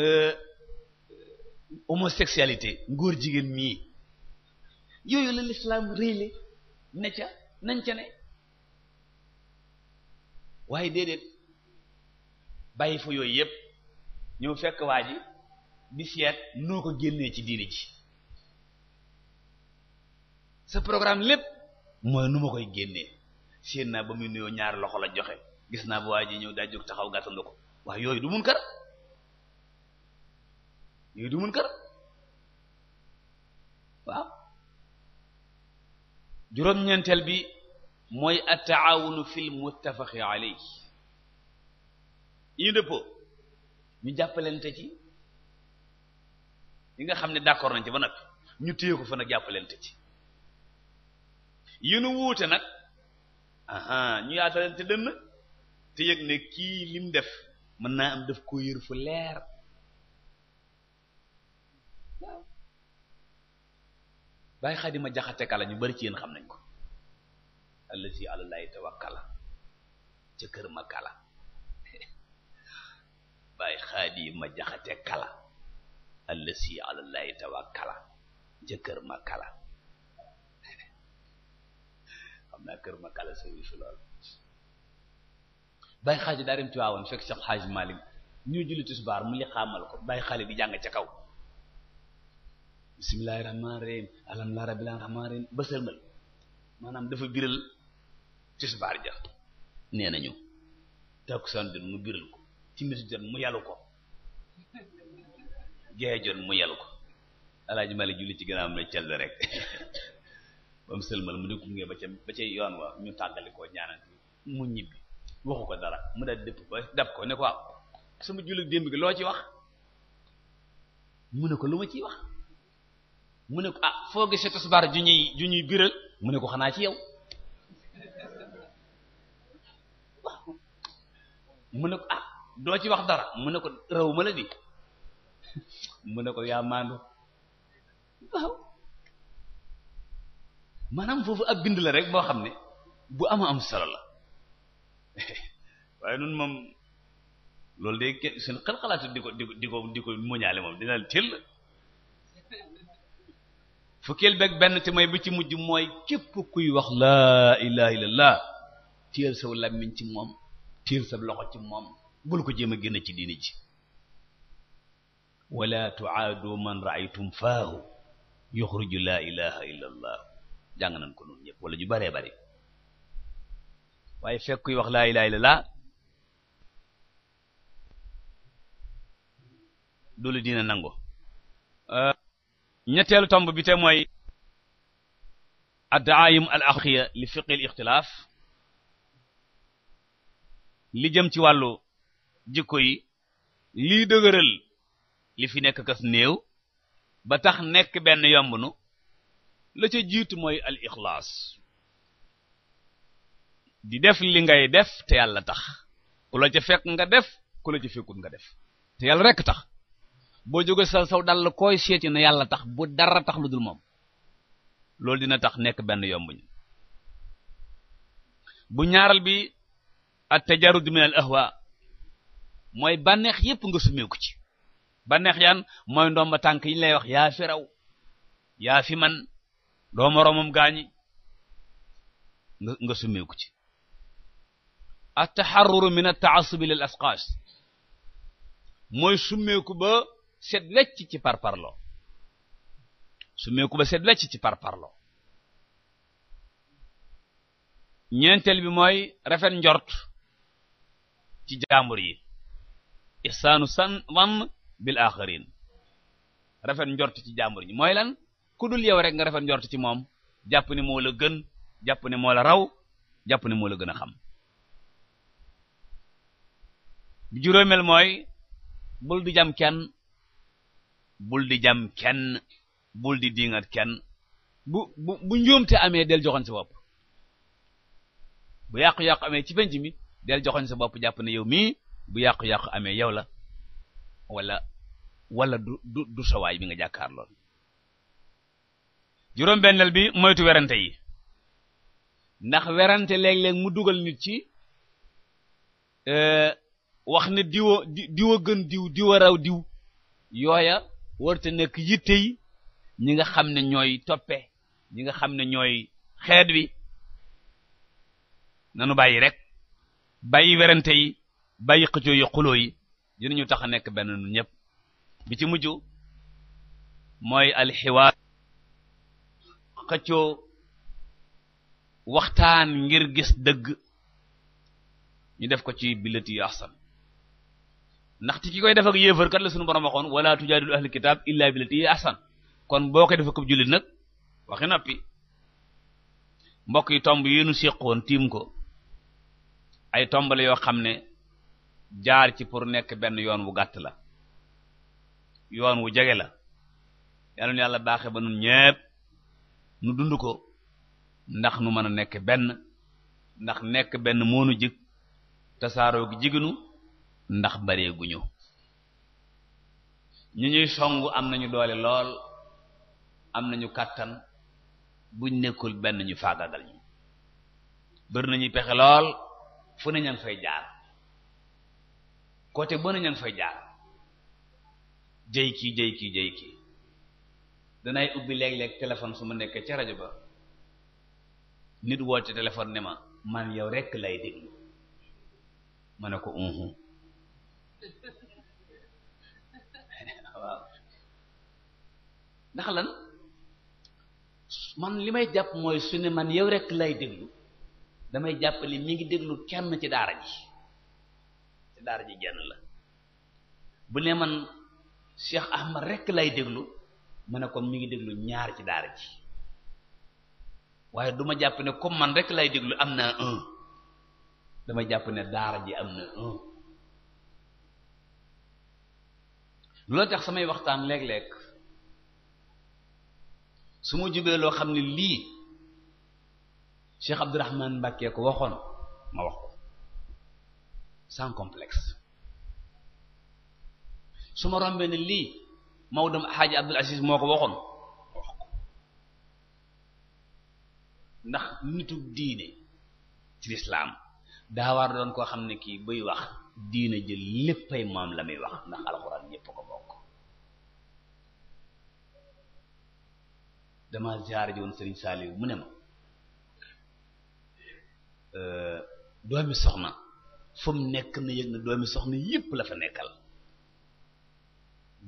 euh, homosexualité ngóor jigéen mii yooyu la l'islam réyle ne ca nañ ca ne waaye déedéet bàyyi fa yooyu yépp ñëw fekk waa ji di seet noo ko génnee ci diini ji sa programme lépp mooy nu ma koy génnee seen naa ba muy nuyoo ñaar loxo la joxe gis naa bu waa ji ñëw daa jóg taxaw gàttandu ko waaye yooyu du mun kar yooyu du mun kar waaw juróom-ñeenteel bi mooy at-taawunu fil muttafaqi alayhi ñu dëppoo ñu jàppalante ci yi nga xam ne d'accord nañ ci ba nag ñu téye ko fa nag jàppalante ci yi nu wuute nag aha ñu yaatalante dënn te yëg ne kii lim def mën naa am daf ko yër fu leer waaw bàyyi xadima jaxate kala ñu bari ci yéen xam nañ ko allati ala llahi tawakkala ca kër ma kala bàyyi ma jaxate kala allati ala llahi tawakkala ca kër ma kala xam naa kër ma kala service lool bàyyi xaaja daa dem Tiwaawan fekk Seex Xaaj Maalik ñu julli tisbaar mu li ko bàyyi xale bi jàng ca kaw bismillahir rahmanir rahim alhamdulillahi rabbil alamin ba sërmal maanaam dafa biral tisbaar ja nee nañu takkusaan jot mu biral ko timis jot mu yalu ko gee jot mu yalu ko alaaji Maalik julli ci gannaaw na cell rek ba mu sëlmal mu di gunge ba ba ca yoon wa ñu tàggali koo mu ñibbi waxu ko dara mu daal dëpp ko dab ko ne waaw sama jullit démb gi loo ci wax mu ne ko lu ma ciy wax mu ne ko ah foo gisee tisbaar ju ñuy ju ñuy mu ne ko xanaa ci yow waaw ah, doo ci wax dara mu ne ko raw ma la di mu ne ko yaa maandu waaw maanaam foofu ab bind la rek boo xam ne bu ama am solo la waaye nun moom loolu day kenn seen xel xalaatu di ko di ko di ko di ko muñaale benn te may bi ci mujj mooy képp kuy wax laa ilaha illallah téel saw làmmiñ ci moom téel sa loxo ci moom bul ko jéem a génn ci diini ji wala tuaadu man raaytum faahu yuxruju laa ilaha illallah jàng nañ ko noonu ñëpp wala ñu baree bare waaye fekk kuy wax laa ilaha illallah du lu diina nangu ñetteelu tomb bi te mooy addaayim al axriya li fiqi al li jëm ci wàllu jikko yi lii dëgëral li fi nekk kas néew ba tax nekk benn yomb nu la ca jiitu mooy al di def li ngay def te yàlla tax ku la ca fekk nga def ku la ca fekkut nga def te yàlla rekk tax boo jóge saw saw dal koy seeti na yàlla tax bu dara tax lu dul moom loolu dina tax nekk benn yombuñu bu ñaaral bi at tajarud min al ahwa mooy bànneex yépp nga sumeeku ci baneex yaan mooy ba tànk yi lay wax yaa fi raw yaa fi man doo moroomam gaañi nga nga sumeeku ci attaxarruru min attaasubi lil asqaas mooy summeeku ba set wecc ci parparloo summeeku ba set wecc ci parparloo ñeenteel bi mooy rafet njort ci jaambur yi ihsaanu san wan bil axarin rafet njort ci jaambur yi mooy lan ku dul rek nga rafet njort ci moom jàpp ne moo gën jàpp ne moo raw jàpp ne moo la gën a xam bi juróomeel mooy bul di jam kenn bul di jam kenn bul di diingat kenn bu bu bu njuumte amee del joxoñ sa bopp bu yàqu-yàqu amee ci penc mi del joxoon sa bopp jàpp ne yow mii bu yàqu-yàqu amee yow la wala wala du du du sawaay bi nga jàkkaar lool juróom-benneel bi moytu werante yi ndax werante léeg-léeg mu dugal nit ci euh, wax na diwa diwa gën diw diwa raw diw yooya warta nekk yitte yi ñi nga xam ne ñooy toppe ñi nga xam ne ñooy xeet wi nanu bàyyi rek bàyyi werante yi bàyyi xëccoo yi xuloo yi ñu tax a nekk benn nu ñëpp bi ci mujj mooy alxiwaar xëccoo waxtaan ngir gis dëgg ñu def ko ci billati ahsan ndaxte ki koy def ak yéefar kat la suñu borom waxoon wala tujaadilu ahlul kitaab illaa billatii ahsan kon boo koy def ak jullit nag waxi noppi mbokk yi tomb yi nu woon tiim ko ay tomb la yoo xam ne jaar ci pour nekk benn yoon wu gàtt la yoon wu jege la yal na yàlla baaxe ba nun ñépp nu dund ko ndax nu mën a nekk benn ndax nekk benn moonu jig tasaaroo jiginu ndax bareeguñu ñu ñuy song am nañu doole lool am nañu kàttan buñ nekkul benn ñu faagagal ñu bëri nañuy pexe lool fu ne ña fay jaar côté bu ne ña fay jaar jëy kii jëy kii jëy kii danay ubbi léeg-léeg téléphone su ma nekkee ca rajo ba nit woote téléphone ne ma man yow rekk lay déglu ma ne ko unhu waaw ndax lan man li may jàpp mooy su ne man yow rekk lay déglu damay jàpp ni mi ngi déglu kenn ci daara ji ci daara ji genn la bu ne man Cheikh Ahmad rek lay déglu ma ne kon mi ngi déglu ñaar ci daara ji waaye duma jàpp ne comme man rek lay déglu am na un damay jàpp ne daara ji am na un loola tax samay waxtaan léeg-léeg su ma jubee loo xam ne lii Cheikh Abdourahmane Mbacké ko waxoon ma wax ko sans complexe su ma rombee ne lii Maodo Hadji Abdoul Aziz moo ko waxoon ndax nitu diine ci lislaam daawaar doon koo xam ne kii buy wax diina jël léppay maam la muy wax ndax alxuraan ñépp ko bokk dama ziyaare ji woon sëriñ mu ne ma euh, doomi soxna fu mu nekk na yëg na doomi soxna yépp la fa nekkal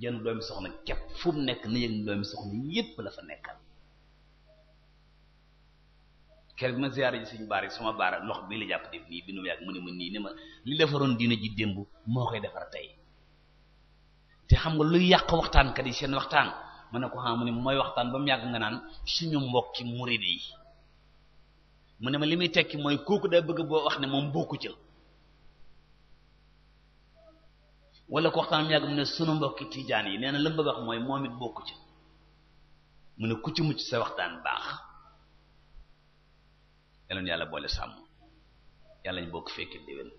jenn doomi soxna képp fu mu nekk na yëg na doomi soxna yépp la fa nekkal keroog ma ziyaare ji suñu baar yi sama baara lox bii la jàpp def nii bi nu yàgg mu ne ma nii ne ma li defaroon diina ji démb moo koy defar tey te xam nga luy yàq waxtaankat yi seen waxtaan ma ne ko xam ah, mu ne mooy naan suñu mbokki murid yi mu ne ma li tekki mooy kooku daa bëgg boo wax ne moom bokku ca wala ko waxtaan mu yàgg mu ne sunu mbokki tiijaan yi nee na la mu bëgg wax mooy moom it bokku ca mu ne ku mucc sa waxtaan baax yàlla na yàlla boole sàmm yàlla ñu bokk fekke déwén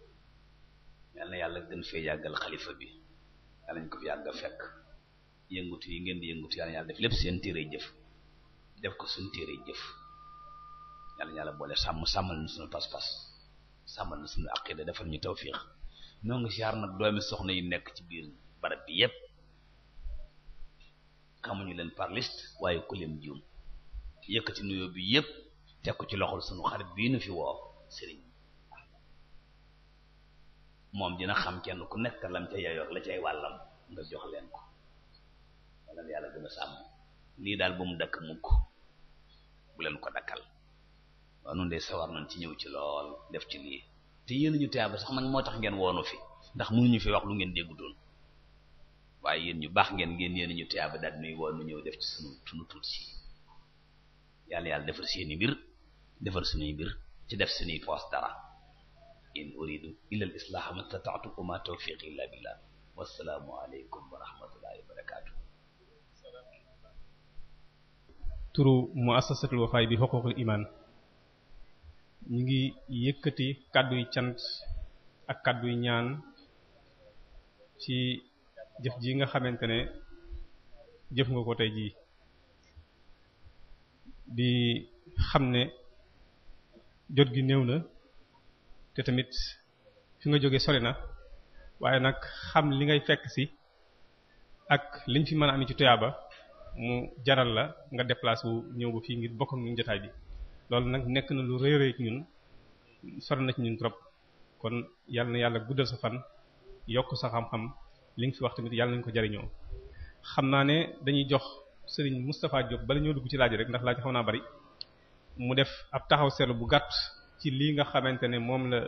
yàlla na yàlla gën fee yàggal xalifa bi yàlla ñu ko fi yàgg fekk yëngutu yi ngeen di yëngutu yàlla yàlla def lépp seen téere jëf def ko suñu téere jëf yàlla yàlla boole sàmm sàmmal na suñu pas-pas sàmmal na suñu aqida defal ñu tawfiq ñoo ngi siyaar nag doomi soxna yi nekk ci biir barab bi yépp xamuñu leen par liste waaye ku leen juum yëkkati nuyoo bi yépp teg ci loxol sunu xarit bii nu fi woo sëriñ moom dina xam kenn ku nekk lam ca yeyoor la cay wàllam nga jox leen ko wala yàlla daal bu mu dakk mukk bu leen ko dakkal waaw nun de sawar nañ ci ñëw ci lool def ci lii te yéen ñu teew ba sax man moo tax ngeen woonu fi ndax mënuñu fi wax lu ngeen déggutoon waaye yéen ñu baax ngeen ngeen yéen ñu teew ba daal nuy woonu ñëw def ci sunu sunu tuut si yàlla yàlla defal seeni mbir defar suñuy mbir ci def suñuy poos dara in uridu illa al islaha ma stata'tu wa ma tawfiqi illa wassalaamu aleykum wa rahmatullahi wa barakatuh turu muassasatul wafaay bi xuququl iman ñu ngi yëkkati kàdduy cant ak kàdduy ñaan ci jëf ji nga xamante ne jëf nga ko tey jii di xam ne jot gi néew na te tamit fi nga jóge sori na waaye nag xam li ngay fekk si ak liñ fi mën a am ci tuyaaba mu jaral la nga déplacé wu ñëw ba fii ngir bokk ñu jotaay bi loolu nag nekk na lu rëy rëy ci ñun sori na ci ñun trop kon yal na yàlla guddal sa fan yokk sa xam-xam li nga fi wax tamit yàlla nañu ko jariñoo xam naa ne dañuy jox Serigne Moustapha Diop bala ñoo dugg ci laaj rek ndax laaj xaw naa bari mu def ab taxaw seetlu bu gàtt ci lii nga xamante ne moom la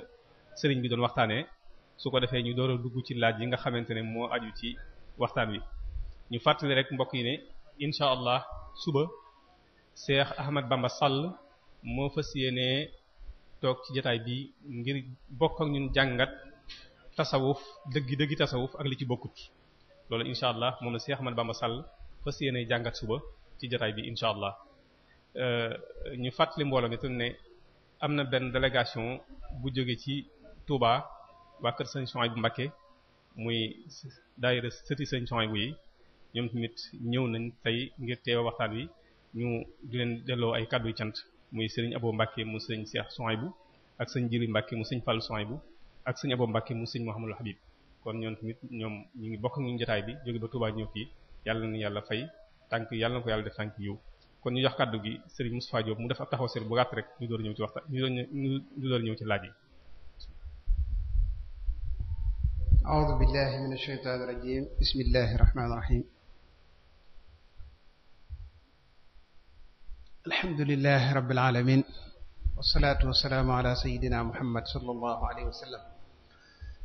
sëriñ bi doon waxtaanee su ko defee ñu door dugg ci laaj yi nga xamante ne moo aju ci waxtaan wi. ñu fàttali rek mbokk yi ne incha allah suba Cheikh Ahmad Bamba Sall moo fas yéenee toog ci jataay bi ngir bokk ak ñun jàngat tasawuf dëggi dëggi tasawuf ak li ci bokkut loolu incha allah moom la Cheikh Ahmad Bamba Sall fas yéenee jàngat suba ci jotaay bi incha allah. Euh, ñu fàttali mbooloo mi tam ne am na benn délégation bu jóge ci Touba waa kër Sëriñ Souhaïbou Mbacké muy daayira sëti Sëriñ Souhaïbou yi ñoom tamit ñëw nañ tey ngir teewa waxtaan wi ñu di leen delloo ay kàddu cant muy Sëriñ Abo Mbacké mu sëñ Sëriñ Cheikh Souhaïbou ak Sëriñ Jiri Mbacké mu Sëriñ Fallou Souhaïbou ak Sëriñ Abo Mbacké mu Sëriñ Mouhamadou Habib kon ñoom tamit ñoom ñu ngi bokk ñu jotaay bi jóge ba Touba ñëw fii yàlla na yàlla fay tànk yàlla na ko yàlla def tànk yiw kon ñu jox kàddu gi Serigne Moustapha Diop mu def ab taxaw seer bu gàtt rek ñu door ñëw ci waxtaan ñu door ñu door ñëw ci laaj yi a'udhu billahi minash shaitanir rajim bismillahir rahmanir rahim alhamdulillahi rabbil alamin wassalatu wassalamu ala sayidina muhammad sallallahu alayhi wa sallam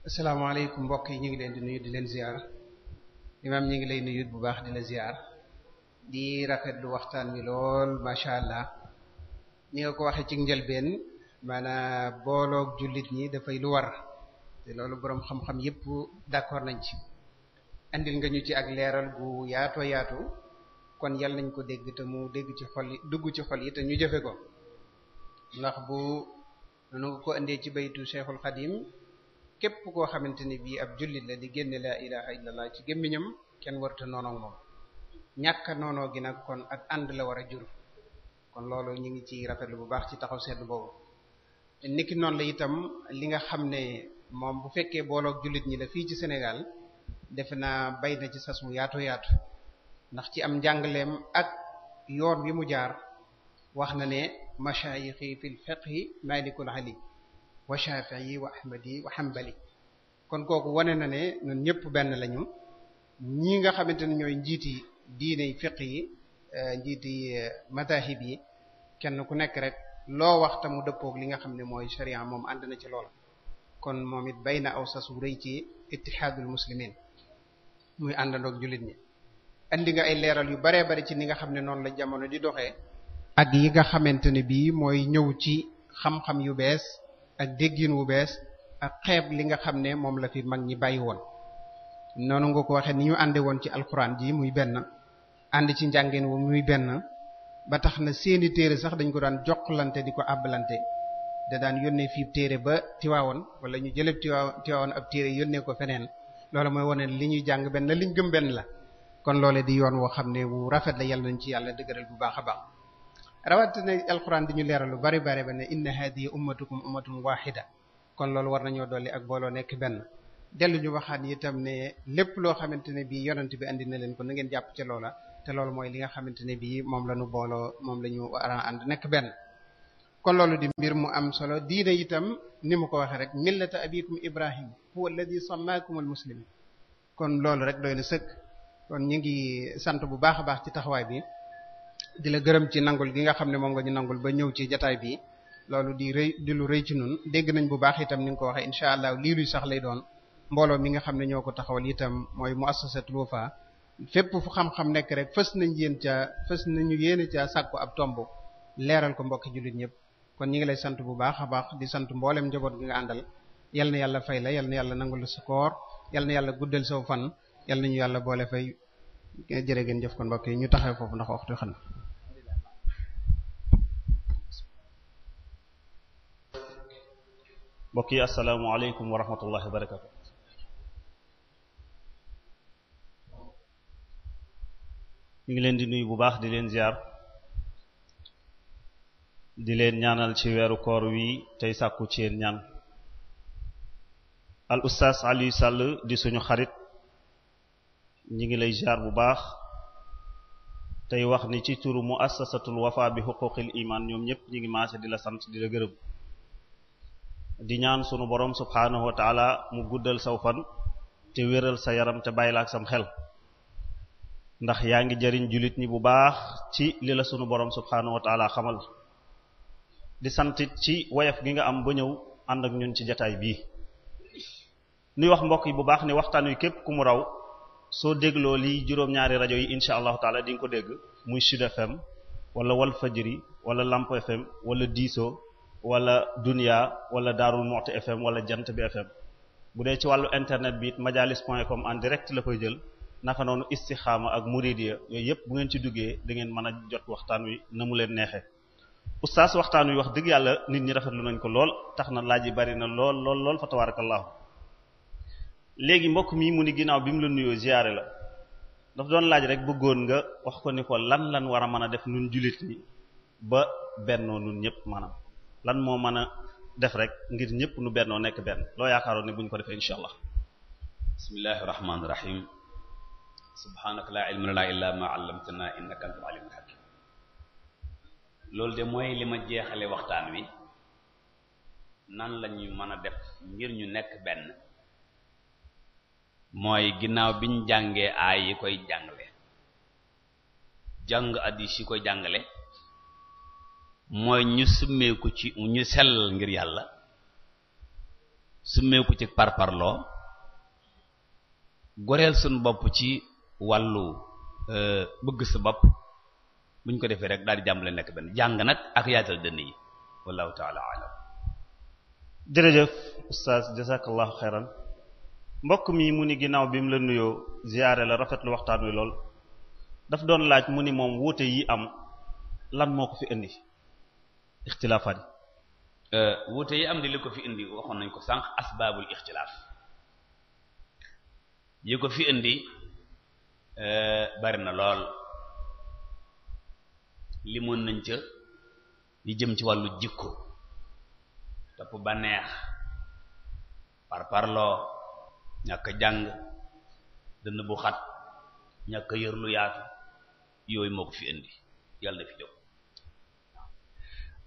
assalaamu alaykum mbokk yi ñu ngi leen di nuyu di leen ziar imaam ñu ngi lay nuyu bu baax di la ziar di rafetlu waxtaan wi lool macha allah ni nga ko waxee ci njëlbeen maanaam boolook jullit ñi dafay lu war te loolu boroom xam-xam yépp d'accord nañ ci andil nga ñu ci ak leeral gu yaato yaatu kon yal nañ ko dégg te mu dégg ci xol yi dugg ci xol yi te ñu jëfe ko ndax bu nu nga ko indee ci baytu Cheikhul Xadim képp koo xamante ni bii ab jullit la di génne laa ilaha illallah ci gémmiñam kenn warta noonoog moom ñàkk noonoo gi nag kon ak ànd la war a jur kon loolu ñu ngi ci rafetlu bu baax ci taxaw seetlu boobu niki noonu la itam li nga xam ne moom bu fekkee booloog jullit ñi la fii ci Sénégal defe naa bay na ci sas mu yaatu yaatu ndax ci am njàngaleem ak yoon wi mu jaar wax na ne mashayixi fil fiqhi malikul ali wa shafi'i wa ahmadi wa hanbali kon kooku wane na ne ñun ñëpp benn lañu ñi nga xamante ne ñooy njiit yi diiney fiq yi euh, njiiti euh, madahib yi kenn ku nekk rek loo wax tam mu dëppoog li nga xam ne mooy sharia moom ànd na ci lool kon moom it bay na aw sasu rëy ci ittihaadul muslimin muy àndandoog jullit ñi indi nga ay leeral yu baree bari ci ni nga xam ne noonu la jamono di doxe ak yi nga xamante ne bii mooy ñëw ci xam-xam yu bees ak déggin wu bees ak xeeb li nga xam ne moom la fi mag ñi bàyyi woon noonu nga ko waxee ni ñu àndee woon ci alquran ji muy benn ànd ci njàngeen wu muy benn ba tax na seeni téere sax dañ ko daan jokkalante di ko àbbalante da daan yónnee fii téere ba tiwaawoon wala ñu jëleb tiwaawoon tiwaawoon ab téere yónnee ko feneen loolu mooy wane li ñuy jàng benn la liñ gëm benn la kon loolee di yoon woo xam ne wu rafet la nañ ci yàlla dëgëral bu baax a baax rawatina alquran di ñu leeral lu bari bari ba ne inna hadihi ummatukum ummatun wahida kon loolu war nañoo dolli ak booloo nekk benn dellu ñu waxaan yitam ne lépp loo xamante ne bii yonent bi andi na leen ko na ngeen jàpp ca loola te loolu mooy li nga xamante ne bii moom la ñu booloo moom lañu ñu war a nekk benn. kon loolu di mbir mu am solo diine itam ni mu ko waxee rek millata abikum ibrahim huwa alladi sammakumul muslim kon loolu rek doy na sëkk kon ñu ngi sant bu baax a baax ci taxawaay bi di la gërëm ci nangul gi nga xam ne moom nga ñu nangul ba ñëw ci jataay bi loolu di rëy di lu rëy ci nun dégg nañ bu baax itam ni nga ko waxee incha allah lii luy sax lay doon mbooloo mi nga xam ne ñëw ko taxawal itam mooy mu muassasatul Wafa fépp fu xam-xam nekk rek fës nañ yéen caa fës nañu yéen caa sàkku ab tomb leeral ko mbokki jullit ñëpp kon ñi ngi lay sant bu baax a baax di sant mboolem njaboot gi nga àndal yal na yàlla fay la yal na yàlla nangul sa koor yal na yàlla guddal saw fan yal nañu yàlla boole fay jërë ngeen jëf kon mbokk yi ñu taxaw foofu ndax waxtu xam mbokk yi asalaamaaleykum wa rahmatullahi wa barakatu ñu ngi leen di nuyu bu baax di leen ziar di leen ñaanal ci weeru koor wi tey sàkku ci yéen ñaan al ustaas Aliou Sall di suñu xarit ñu ngi lay ziar bu baax tey wax ni ci turu mu muassasatul wafa bi xuquqil iman ñoom ñëpp ñu ngi maase di la sant di la gërëm di ñaan sunu borom subhaanahu wa mu guddal saw te wéral sa yaram te bàyyi laa ak sam xel ndax yaa ngi jariñ jullit ñi bu baax ci li la sunu borom subhaanahu wa taala xamal di santit ci woyof gi nga am ba ñëw ànd ak ñun ci jataay bii nuy wax mbokk yi bu baax ne waxtaan wi képp ku mu raw soo dégloo lii juróom-ñaari rajo yi insha allahu taala di nga ko dégg muy Sud FM wala Wal Fajri wala Lamp FM wala Diso wala Dunia wala Darou Moukhty FM wala Jant bi FM bu dee ci wàllu internet bi it majalis point com en direct la koy jël naka noonu istixaama ak muridiya yooyu yëpp bu ngeen ci duggee da ngeen mën a jot waxtaan wi na mu leen neexee oustaz waxtaan wi wax dëgg yàlla nit ñi rafetlu nañ ko lool tax na laaj yi bari na lool lool lool fa tabarakallahu léegi mbokk mi mu ni ginnaaw bi mu la nuyoo ziyaare la dafa doon laaj rek bëggoon nga wax ko ni ko lan lan war a mën a def nun jullit ñi ba bennoo nun ñëpp maanaam lan moo mën a def rek ngir ñëpp nu bennoo nekk benn loo yaakaaroon ne bu ñu ko defee incha allah bismillahi rahmaani subhaanaka laa ilma lanaa illaa maa allamtanaa innaka antal aliimul hakiim loolu de mooy li ma jeexale waxtaan wi nan lañu ñu mën a def ngir ñu nekk benn mooy ginnaaw biñ jàngee aay yi koy jàngale jàng hadiis yi koy jàngale mooy ñu summeeku ci ñu sell ngir yàlla summeeku ci parparloo goreel suñu bopp ci wàllu euh, bëgg sa bopp bu ko defee rek daal di jàmbale nekk benn jàng nag ak yaatal dënn yi wallahu taala alam jërëjëf oustaz jazakallahu xeyran mbokk mi mu ni ginnaaw bi mu la nuyoo ziyaare la rafetlu waxtaan wi lool daf doon laaj mu ni moom wuute yi am lan moo ko fi indi ixtilaafaat yi euh, wuute yi am di li ko fi indi waxoon nañ ko sànq asbaabul ixtilaaf yi ko fi indi Eh, bari na lool limoon nañ ca li jëm ci wàllu jikko topp bànneex parparloo ñàkk jàng dënn bu xat ñàkk yër lu yaatu yooyu moo ko fi indi yàlla fi jóg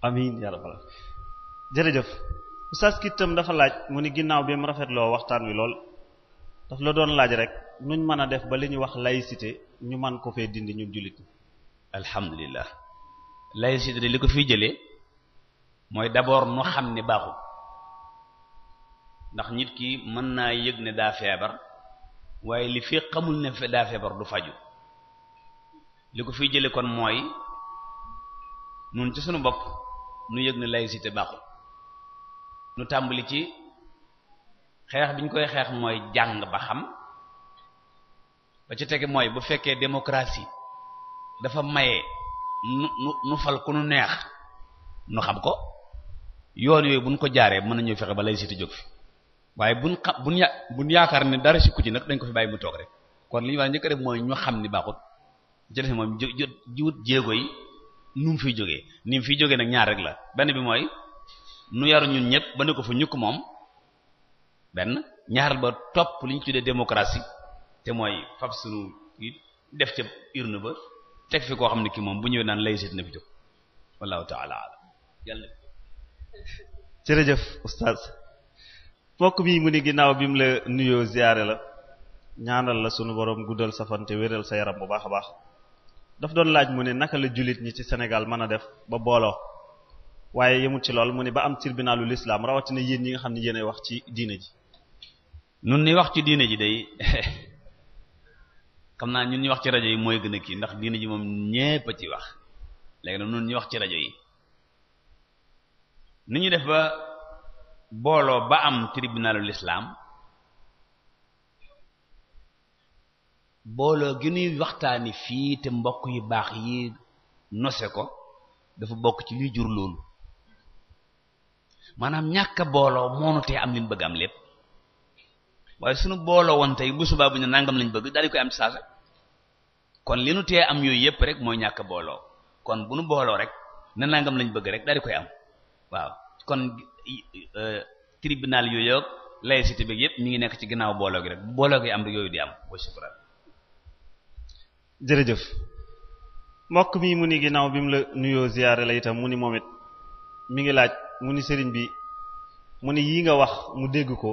amin yàlla bala jërëjëf oustaz ki itam dafa laaj mu ni ginnaaw bi mu rafetloo waxtaan wi lool daf la doon laaj rek nuñ mën a def ba li ñuy wax laïcité ñu man ko fee dindi ñun jullit ñi alhamdulilah laïcité de li ko fi jëlee mooy d'abord nu xam ni baaxul ndax nit ki mën naa yëg ne daa feebar waaye li fi xamul ne daa feebar du faju li ko fi jële kon mooy nun ci sunu bopp nu yëg ne laïcité baaxul nu tàmbali ci xeex bi ñu koy xeex mooy jàng ba xam ba ci tege mooy bu fekkee démocratie dafa maye nu nu nu fal ku nu neex nu xam ko yoon yooyu buñ ko jaaree mën nañu fexe ba lay siti jóg fi waaye buñ xam bu ya buñ yaakaar ne dara ku ci nag dañ ko fi bàyyi mu toog rek kon li ñu war a njëkk def mooy ñu xam ni baaxut ci defe moom jiwut jéego yi nu mu fiy jógee ni fiy jógee nag ñaar rek la benn bi mooy nu yaru ñun ñëpp ba ne ko fa ñukk moom benn ñaar ba topp li ñu tuddee démocratie te mooy fab sunu it def ca urne ba teg fi koo xam ne ki moom bu ñëwee naan laysit na fi jóg wallahu taala alam yàlla jërëjëf oustaz mbokk mi mu ni ginnaaw bi mu la nuyoo ziyaare la ñaanal la sunu boroom guddal sa fan te sa yaram bu baax a baax daf doon laaj mu ne naka la jullit ñi ci senegal mën a def ba booloo waaye yemut ci lool mu ne ba am tribunalu l'islam rawatina yéen ñi nga xam ne yéenay wax ci diina ji nun ni wax ci diine ji day xam naa ñun ñu wax ci rajo yi mooy gën a kii ndax diina ji moom ñépp a ci wax léegi nag ñun ñu wax ci rajo yi ni def ba booloo ba am tribunalul lislaam booloo gi ñuy waxtaani fii te mbokk yu baax yi nose ko dafa bokk ci liy jur loolu maanaam ñàkk a moo moonu tee am liñ bëgg am lépp waaye sunu booloo woon tey bu subaa bu ñu nangam lañ bëgg daal di koy am saasa kon li nu tee am yooyu yëpp rek mooy ñàkk booloo kon bu nu booloo rek na nangam lañ bëgg rek daal koy am waaw kon euh, tribunal yooyu ak laïcité bi yëpp ñu ngi nekk ci ginnaaw booloo gi rek booloo gi am rek yooyu di am jërëjëf mbokk mi mu ni ginnaaw bi mu la nuyoo ziyaare la itam mu ni moom it mi ngi laaj mu ni sëriñ bi mu ni yii nga wax mu dégg ko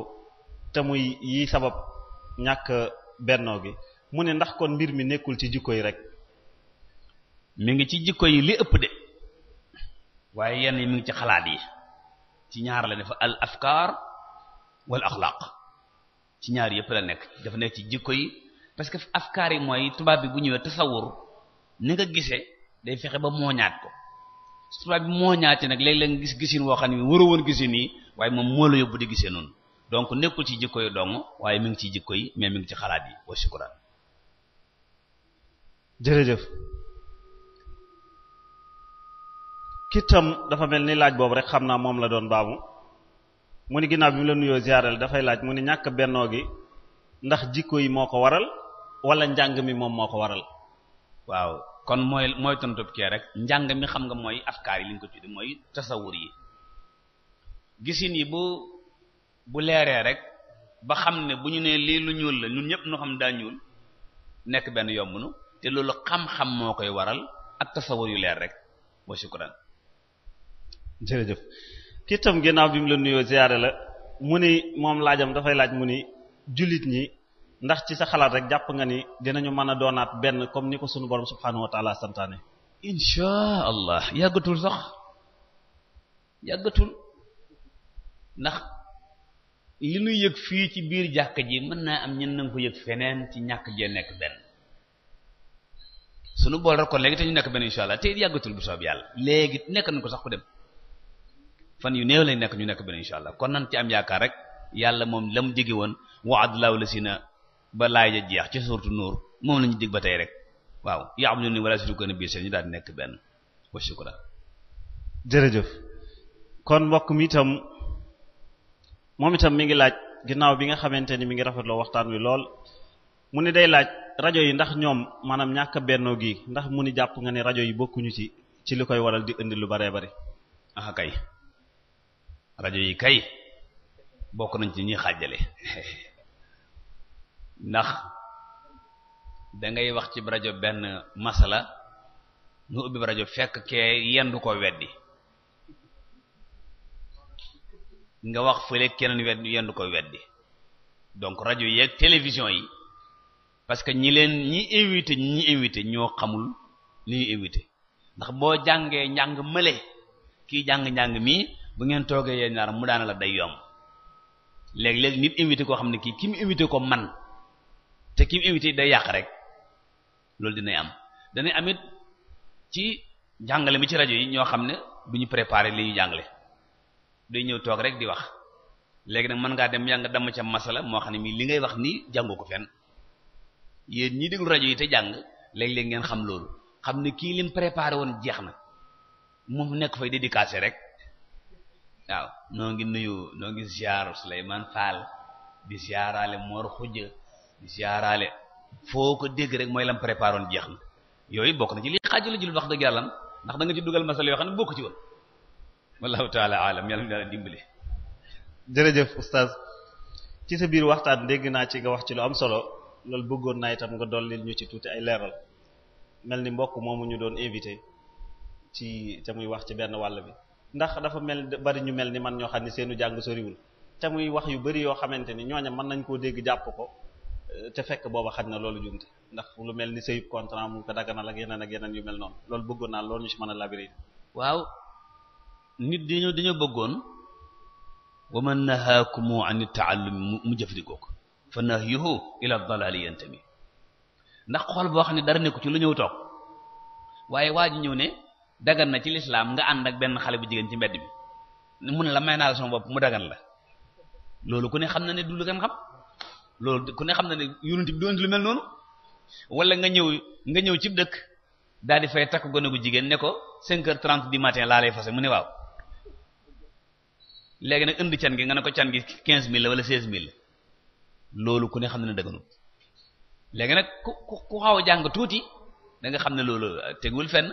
te muy yii sabab ñàkk bennoo gi mu ne ndax kon mbir mi nekkul ci jikko yi rek mu ngi ci jikko yi li ëpp de waaye yenn yi mu ngi ci xalaat yi ci ñaar la dafa al afkaar wal axlaaq ci ñaar yëpp la nekk dafa nekk ci jikko yi parce que afkaar yi mooy tubaab bi bu ñëwee tasawur ni nga gisee day fexe ba mooñaat ko tubaab bi mooñaate nag léeg-léeg nga gis gisin woo xam ne wara woon gisin yi waaye moom moo la yóbbu di gisee noonu donc nekkul ci jikko yi dong waaye mu ngi ci jikko yi mais mi ngi ci xalaat yi wa jërëjëf kitam dafa mel ni laaj boobu rek xam naa moom la doon baamu mu ni ginnaaw bi mu la nuyoo ziaral dafay laaj mu ni ñàkk bennoo gi ndax jikko yi moo ko waral wala njàng mi moom moo ko waral waaw kon mooy mooy tontub kee rek njàng mi xam nga mooy afkaar yi li ñu ko tudde mooy tasawur yi gisin yi bu bu leeree rek ba xam ne bu ñu nee lii lu ñuul la ñun ñëpp nu xam daa ñuul nekk benn yomb nu te loolu xam-xam moo koy waral ak tasawur yu leer rek wa shukran ki itam ginnaaw bi mu la nuyoo ziyaare la mu ni moom laajam dafay laaj mu ni jullit ñi ndax ci sa xalaat rek jàpp nga ni dinañu mën a doonaat benn comme ni ko sunu borom subhaanahu wa taala santaane insha allah yàggatul sax yàggatul ndax li nu yëg fii ci biir jàkk ji mën naa am ñen nanga ko yëg feneen ci ñàkk jee nekk benn sunu bool rek kon léegi te ñu nekk benn incha allah te yàggatul bu soob yàlla léegi nekk nañ ko sax ku dem fan yu néew lañ nekk ñu nekk benn incha allah kon nan ci am yaakaar rek yàlla moom la mu jege woon wa'adallahu lasina ba laay ja jeex ci suurtu nuur moom lañu dig ba tey rek waaw ya'buduni wala yushriku bi shay'an ñu daal di benn wa shukran jërëjëf kon mbokk mi itam moom itam mi ngi laaj ginnaaw bi nga xamante ni mi ngi loo waxtaan wi lool mu ni day laaj rajo yi ndax ñoom maanaam ñàkk a bennoo gi ndax mu ni jàpp nga ne rajo yi bokkuñu ci ci li koy waral di indi lu baree bari ah kay rajo yi kay bokk nañ ci ñi xaajale ndax dangay wax ci rajo benn masala nga ubbi rajo fekk kee yenn du ko weddi nga wax fële keneen yenn du ko weddi donc rajo yeeg télévision yi parce que ñi leen ñi invité ñi invité ñoo xamul li ñu invité ndax boo jàngee njàng male kii jàng njàng mii bu ngeen toogee yéen ñaar mu daana la day yomb léeg-léeg nit koo xam ne kii ki mu invité ko man te ki mu invité day yàq rek loolu dinay am danay am it ci jàngale mi ci rajo yi ñoo xam ne bu ñu préparé li ñu jàngale day ñëw toog rek di wax léegi nag mën ngaa dem yaa nga damm ca masala moo xam ne mii li ngay wax nii jàngu ko fenn yéen ñii déglu rajo yi te jàng léeg-léeg ngeen xam loolu xam ne kii lim préparé woon jeex na moom nekk fay dédicacé rek waaw noo ngi nuyu noo ngi ziar Souleymane Fall di ziarale Mor Khoudia di ziarale foo ko dégg rek mooy la préparé woon jeex na yooyu bokk na ci li xaaju la jul wax dëgg yàlla ndax danga nga ci dugal masal yoo xam ne bokku ci woon wallahu taala alam yàlla yàlla dimbali jërëjëf oustaz ci sa biir waxtaan dégg naa ci nga wax ci lu am solo loolu bëggoon naa itam nga dollil ñu ci tuuti ay leeral mel ni mbokk moomu ñu doon invité ci te muy wax ci benn wàll bi ndax dafa mel bari ñu mel ni man ñoo xam ne seenu jàng soriwul te muy wax yu bari yoo xamante ni ñooña mën nañ koo dégg jàpp ko te fekk booba xaj na loolu jumte ndax lu mel ni sëyub contrant mu ko na la yeneen ak yeneen yu mel noonu loolu bëggoon naa loolu ñu ci mën a labiré waaw nit dañoo dañoo bëggoon wa man nahaakumu an taallum mu jëfandikoo fa nahyuhu ila dalali yantami ndax xool boo xam ne dara nekku ci lu ñëw toog waaye waa ji ñëw ne dagan na ci lislaam nga ànd ak benn xale bu jigéen ci mbedd bi mun la may naa la sama bopp mu dagan la loolu ku ne xam na ne du lu xam loolu ku ne xam na ne yonent bi doon lu mel noonu wala nga ñëw nga ñëw ci dëkk daal di fay takk gone bu jigéen ne ko 5 heures 30 du matin laa lay fase mu ne waaw léegi nag indi can gi nga ne ko can gi 15000 la wala 16000 la loolu ku ne xam ne dëgganut léegi nag ku ku xaw a jàng tuuti da nga xam ne loolu euh, tegul fenn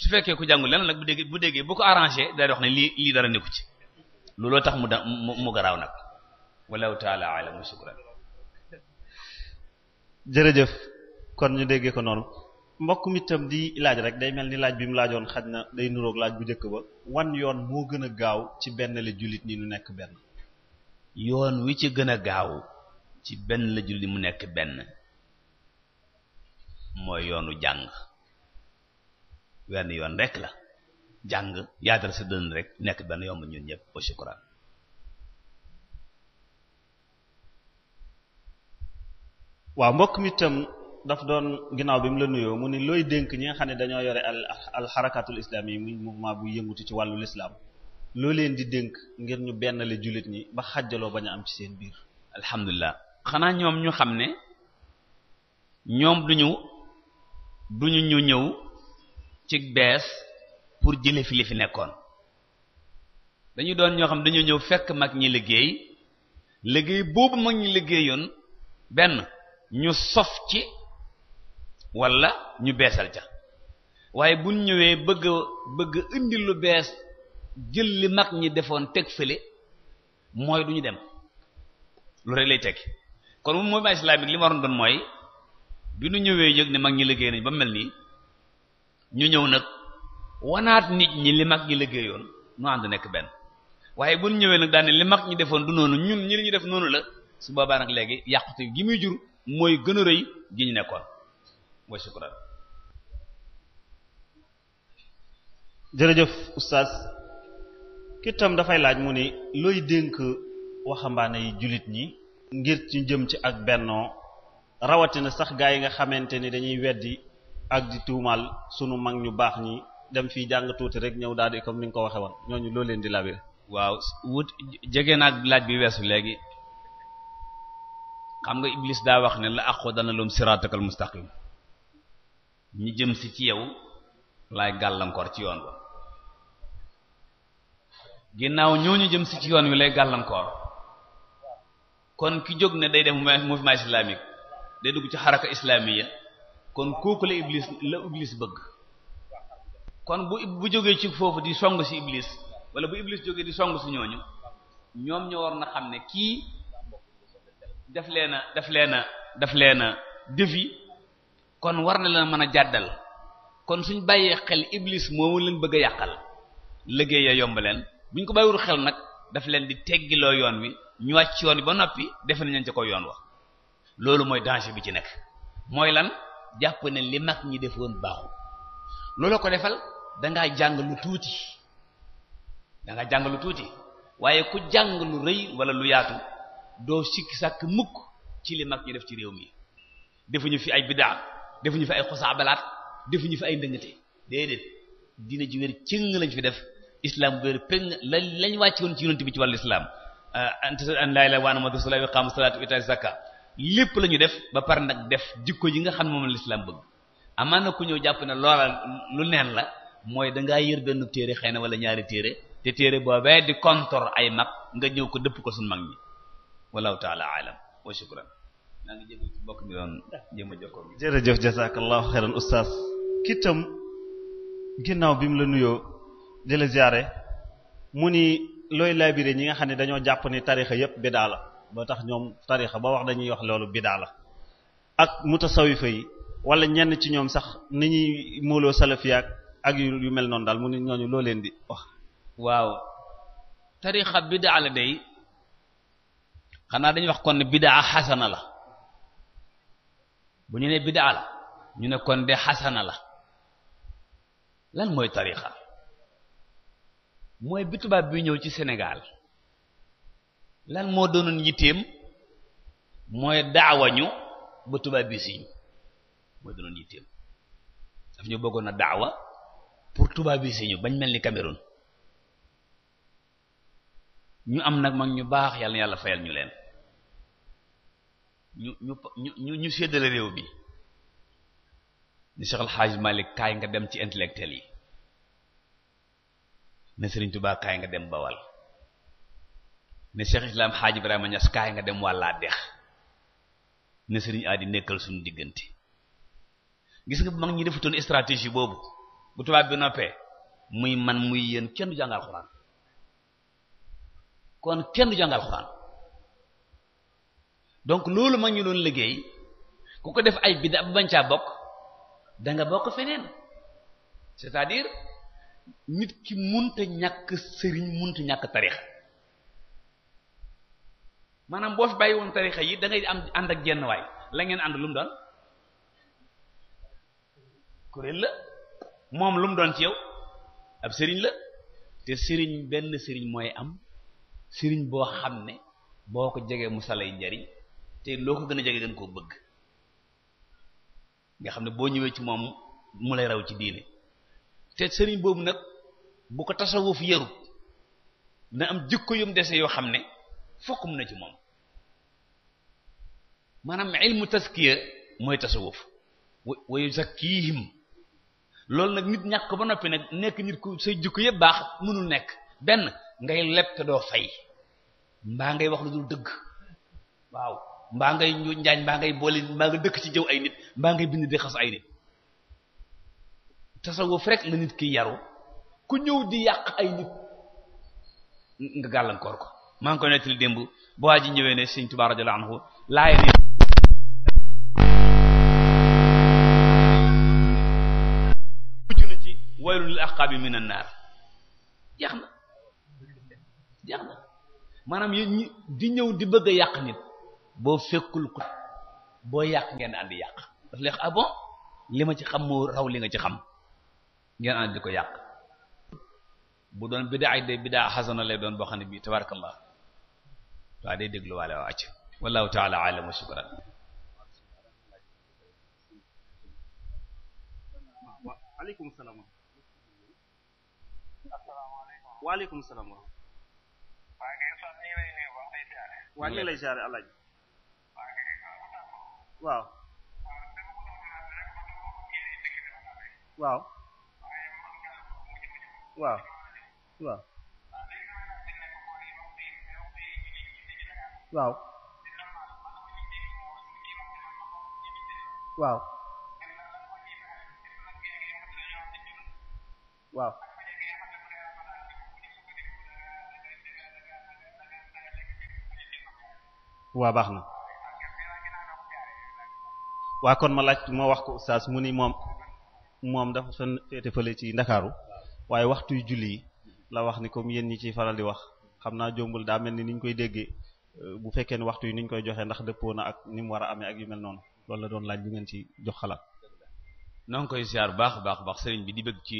su fekkee ku jàngul lenn nag bu déggee bu déggee bu ko arrangé day wax ne lii lii dara nekku ci looloo tax mu da mu mu garaaw nag wallahu taala alamu shukran jërëjëf kon ñu déggee ko noonu mbokk mi itam di laaj rek day mel ni laaj bi mu laajoon xaj na day nuroog laaj bu njëkk ba wan yoon moo gën a gaaw ci benn la jullit ni ñu nekk benn yoon wi ci gën a gaaw ci benn la julli mu nekk benn mooy yoonu jàng wenn yoon rek la jàng yaatal sa dënn rek nekk benn yomb ñun ñëpp wa shukran waaw mbokk mi itam daf doon ginnaaw bi mu la nuyoo mu ni looy dënk ñi nga xam ne dañoo yore al al xarakatul islam yi muy mouvement bu yëngutu ci wàllu l'islam loo leen di dénk ngir ñu benn la jullit ñi ba xàjjaloo bañ a am ci seen biir alhamdulilah xanaa ñoom ñu xam ne ñoom duñu duñu ñu ñëw ci bees pour jële fi li fi nekkoon dañuy doon ñoo xam dañu ñëw fekk mag ñi liggéey liggéey boobu mag ñi liggéeyoon benn ñu sof ci wala ñu beesal ca waaye buñ ñëwee bëgg bëgg indi lu bees jël li mag ñi defoon teg fële mooy duñu dem lu rek lay tekki kon moom mooy islamique li ma waroon doon mooy bi nu ñëwee yëg ne mag ñi liggéey nañ ba mel nii ñu ñëw nag wanaat nit ñi li mag ñi liggéeyoon nu ànd nekk benn waaye bu ñu ñëwee nag daane li mag ñi defoon du noonu ñun ñi li ñu def noonu la su boobaa nag léegi yàqute gi muy jur mooy gën a rëy gi ñu nekkoon mooy sukkuraan jërëjëf oustaz ki tam dafay laaj mu ni looy dénk waxambaane yi jullit ñi ngir ci jëm ci ak bennoo rawatina sax gaa yi nga xamante ni dañuy weddi ak di tuumaal sunu mag ñu baax ñi dem fii jàng tuuti rek ñëw daal di comme ni nga ko waxe woon ñooñu loo leen di labir waaw wut jege naag laaj bi weesu léegi xam nga Iblis daa wax ne la àqoo dana lum siraatakal mustaqim ñu jëm si ci yow lay gàllankoor ci yoon wa ginnaaw ñooñu jëm si ci yoon wi lay gàllankoor kon ki jóg na day def mouvement islamique day dugg ci xaraka islamiya kon kooku la iblis la iblis bëgg kon bu bu jógee ci foofu di song si iblis wala bu iblis jógee di song si ñooñu ñoom ñoo war na xam ne kii daf leen a daf leen a daf leen a défi kon war na leen mën a jàddal kon suñ bàyyee xel iblis moomu leen bëgg a yàqal liggéey ya yomb leen buñ ko bàyyiwul xel nag daf leen di teggiloo yoon wi ñu wàcc yoon ba noppi defe nañ ca ko yoon wa loolu mooy danger bi ci nekk mooy lan jàpp ne li mag ñi defoon baaxul loolu ko defal dangaa jàng lu tuuti dangaa jàng lu tuuti waaye ku jàng lu rëy wala lu yaatu doo sikki sàkk mukk ci li mag ñi def ci réew mi defuñu fi ay biddaa defuñu fi ay xosaabalaat defuñu fi ay ndëngate déedéet dina ji wér cëng lañ fi def islam wér péng lañ lañ wàcce woon ci yonent bi ci wàllu islam Euh, antashhadu an laa ilaaha illallaah wa anna muhammadan rasuulullaah wa iqaamu salaati wa iitaa'i zakaat lépp la ñu def ba pare nag def jikko ji nga xam ne moom la islam bëgg amaana ku ñëw jàpp ne loola lu neen la mooy dangaa yër benn téere xëy na wala ñaari téere te téere boobee di kontor ay mag nga ñëw ko dëpp ko suñ mag ñi wallahu taala alam wa shukran naa ngi jégal ci mbokk mi doon jéem a ginnaaw bi mu la nuyoo di la mu ni looy laabire ñi nga xam ne dañoo jàpp ni tarixa yépp bidaa la ba tax ñoom tarixa boo wax dañuy wax loolu bidaa la ak mutasawifa yi wala ñenn ci ñoom sax ni ñuy móoloo salafiyaak ak yu mel noonu daal mu ne ñooñu loo leen di wax waaw tarixa bidaa la day xanaa dañuy wax kon bidaa xasana la bu ñu ne bidaa la ñu ne kon de xasana la lan mooy tarixa mooy bi tubaab bi ñëw ci senegaal lan moo doonoon yitteem mooy daawañu ba tubaab bi mooy doonoon yitteem daf ñu bëggoon a daawa pour tubaab bi siiñu bañ mel ni Cameroun ñu am nag mag ñu baax yàlla yàlla fayal ñu leen ñu ñu ñu ñu séddale réew bi ni Cheikh Al Hadj Malick kaay nga dem ci intellectuel yi ne Serigne Touba kaay nga dem Bawal ne Cheikh Islam Hadj Ibrahima Niass kaay nga dem wàllaa dex ne Serigne nekkal suñu diggante gis nga mag ñi defutoon stratégie boobu bu tubaab bi noppee muy man muy yéen kenn du jàngal xuraan kon kenn du jàngal xuraan donc loolu mag ñu doon liggéey ku ko def ay bidda bu bañ caa bokk da bokk feneen c'est-à-dire. nit ki munta ñàkk sëriñ munta ñàkk tarixa maanaam boo fi bàyyi woon tarixa yi da ngay am ànd ak jenn waay la ngeen ànd lu mu doon kuréel la moom lu mu doon ci yow ab sëriñ la te sëriñ benn sëriñ mooy am sëriñ boo xam ne boo ko jegee mu salay njariñ te loo ko gën a jege gën koo bëgg nga xam ne boo ñëwee ci moom mu lay raw ci diine te sëriñ boobu nag bu ko tasawuf yarut na am jikko yum dese yoo xam ne fokkum na ci moom maanaam ilmu taskiya mooy tasawuf wa yuzakkihim loolu nag nit ñàkk ba noppi nag nekk nit ku say jikko yëpp baax mënul nekk benn ngay leb te doo fay mbaa ngay wax lu dul dëgg waaw mbaa ngay njuuj njaañ mbaa ngay boole mbaa nga dëkk ci jëw ay nit mbaa ngay bind di xas ay nit tasawuf rek la nit ki yaru ku ñëw di yàq ay nit nga gàllankoor ko maa ngi koy nettali démb bu waa ji ñëwee ne Sëriñ Tuubaa radiyallahu anhu laay ne muccuna ci waylun lil aqaabi minan naar na jeex maanaam di ñëw di bëgg a yàq nit boo fekkul ko boo yàq ngeen andi yàq daf lay ah li ma ci xam moo raw li nga ci xam ngeen ànd di ko yàq bu doon bidaa day bidaa xasana doon boo xam ne bii tabarakallah waa day dégluwaale waa acc wallahu taala alam wa shukran waaleykum salaam waaleykum salaam waa waaw waaw waaw waaw waaw waa baax na waa kon ma laaj ma wax ko oustaz mu ni moom moom dafa son féete fële ci Ndakaaru waaye waxtuy julli yi la wax ni comme yéen ñi ciy faral di wax xam naa jombul daa mel ni niñ koy déggee euh, bu fekkee ne waxtu yi ñu koy joxee ndax dëppoo na ak ni mu war a amee ak yu mel noonu loolu la doon laaj bu ngeen ci jox xalaat. noo ngi koy ziar baax baax baax sëriñ bi di bëgg ci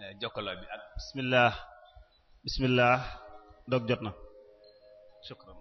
euh, jokkaloo bi ak. bismillah bismillah dog jot na. shukran.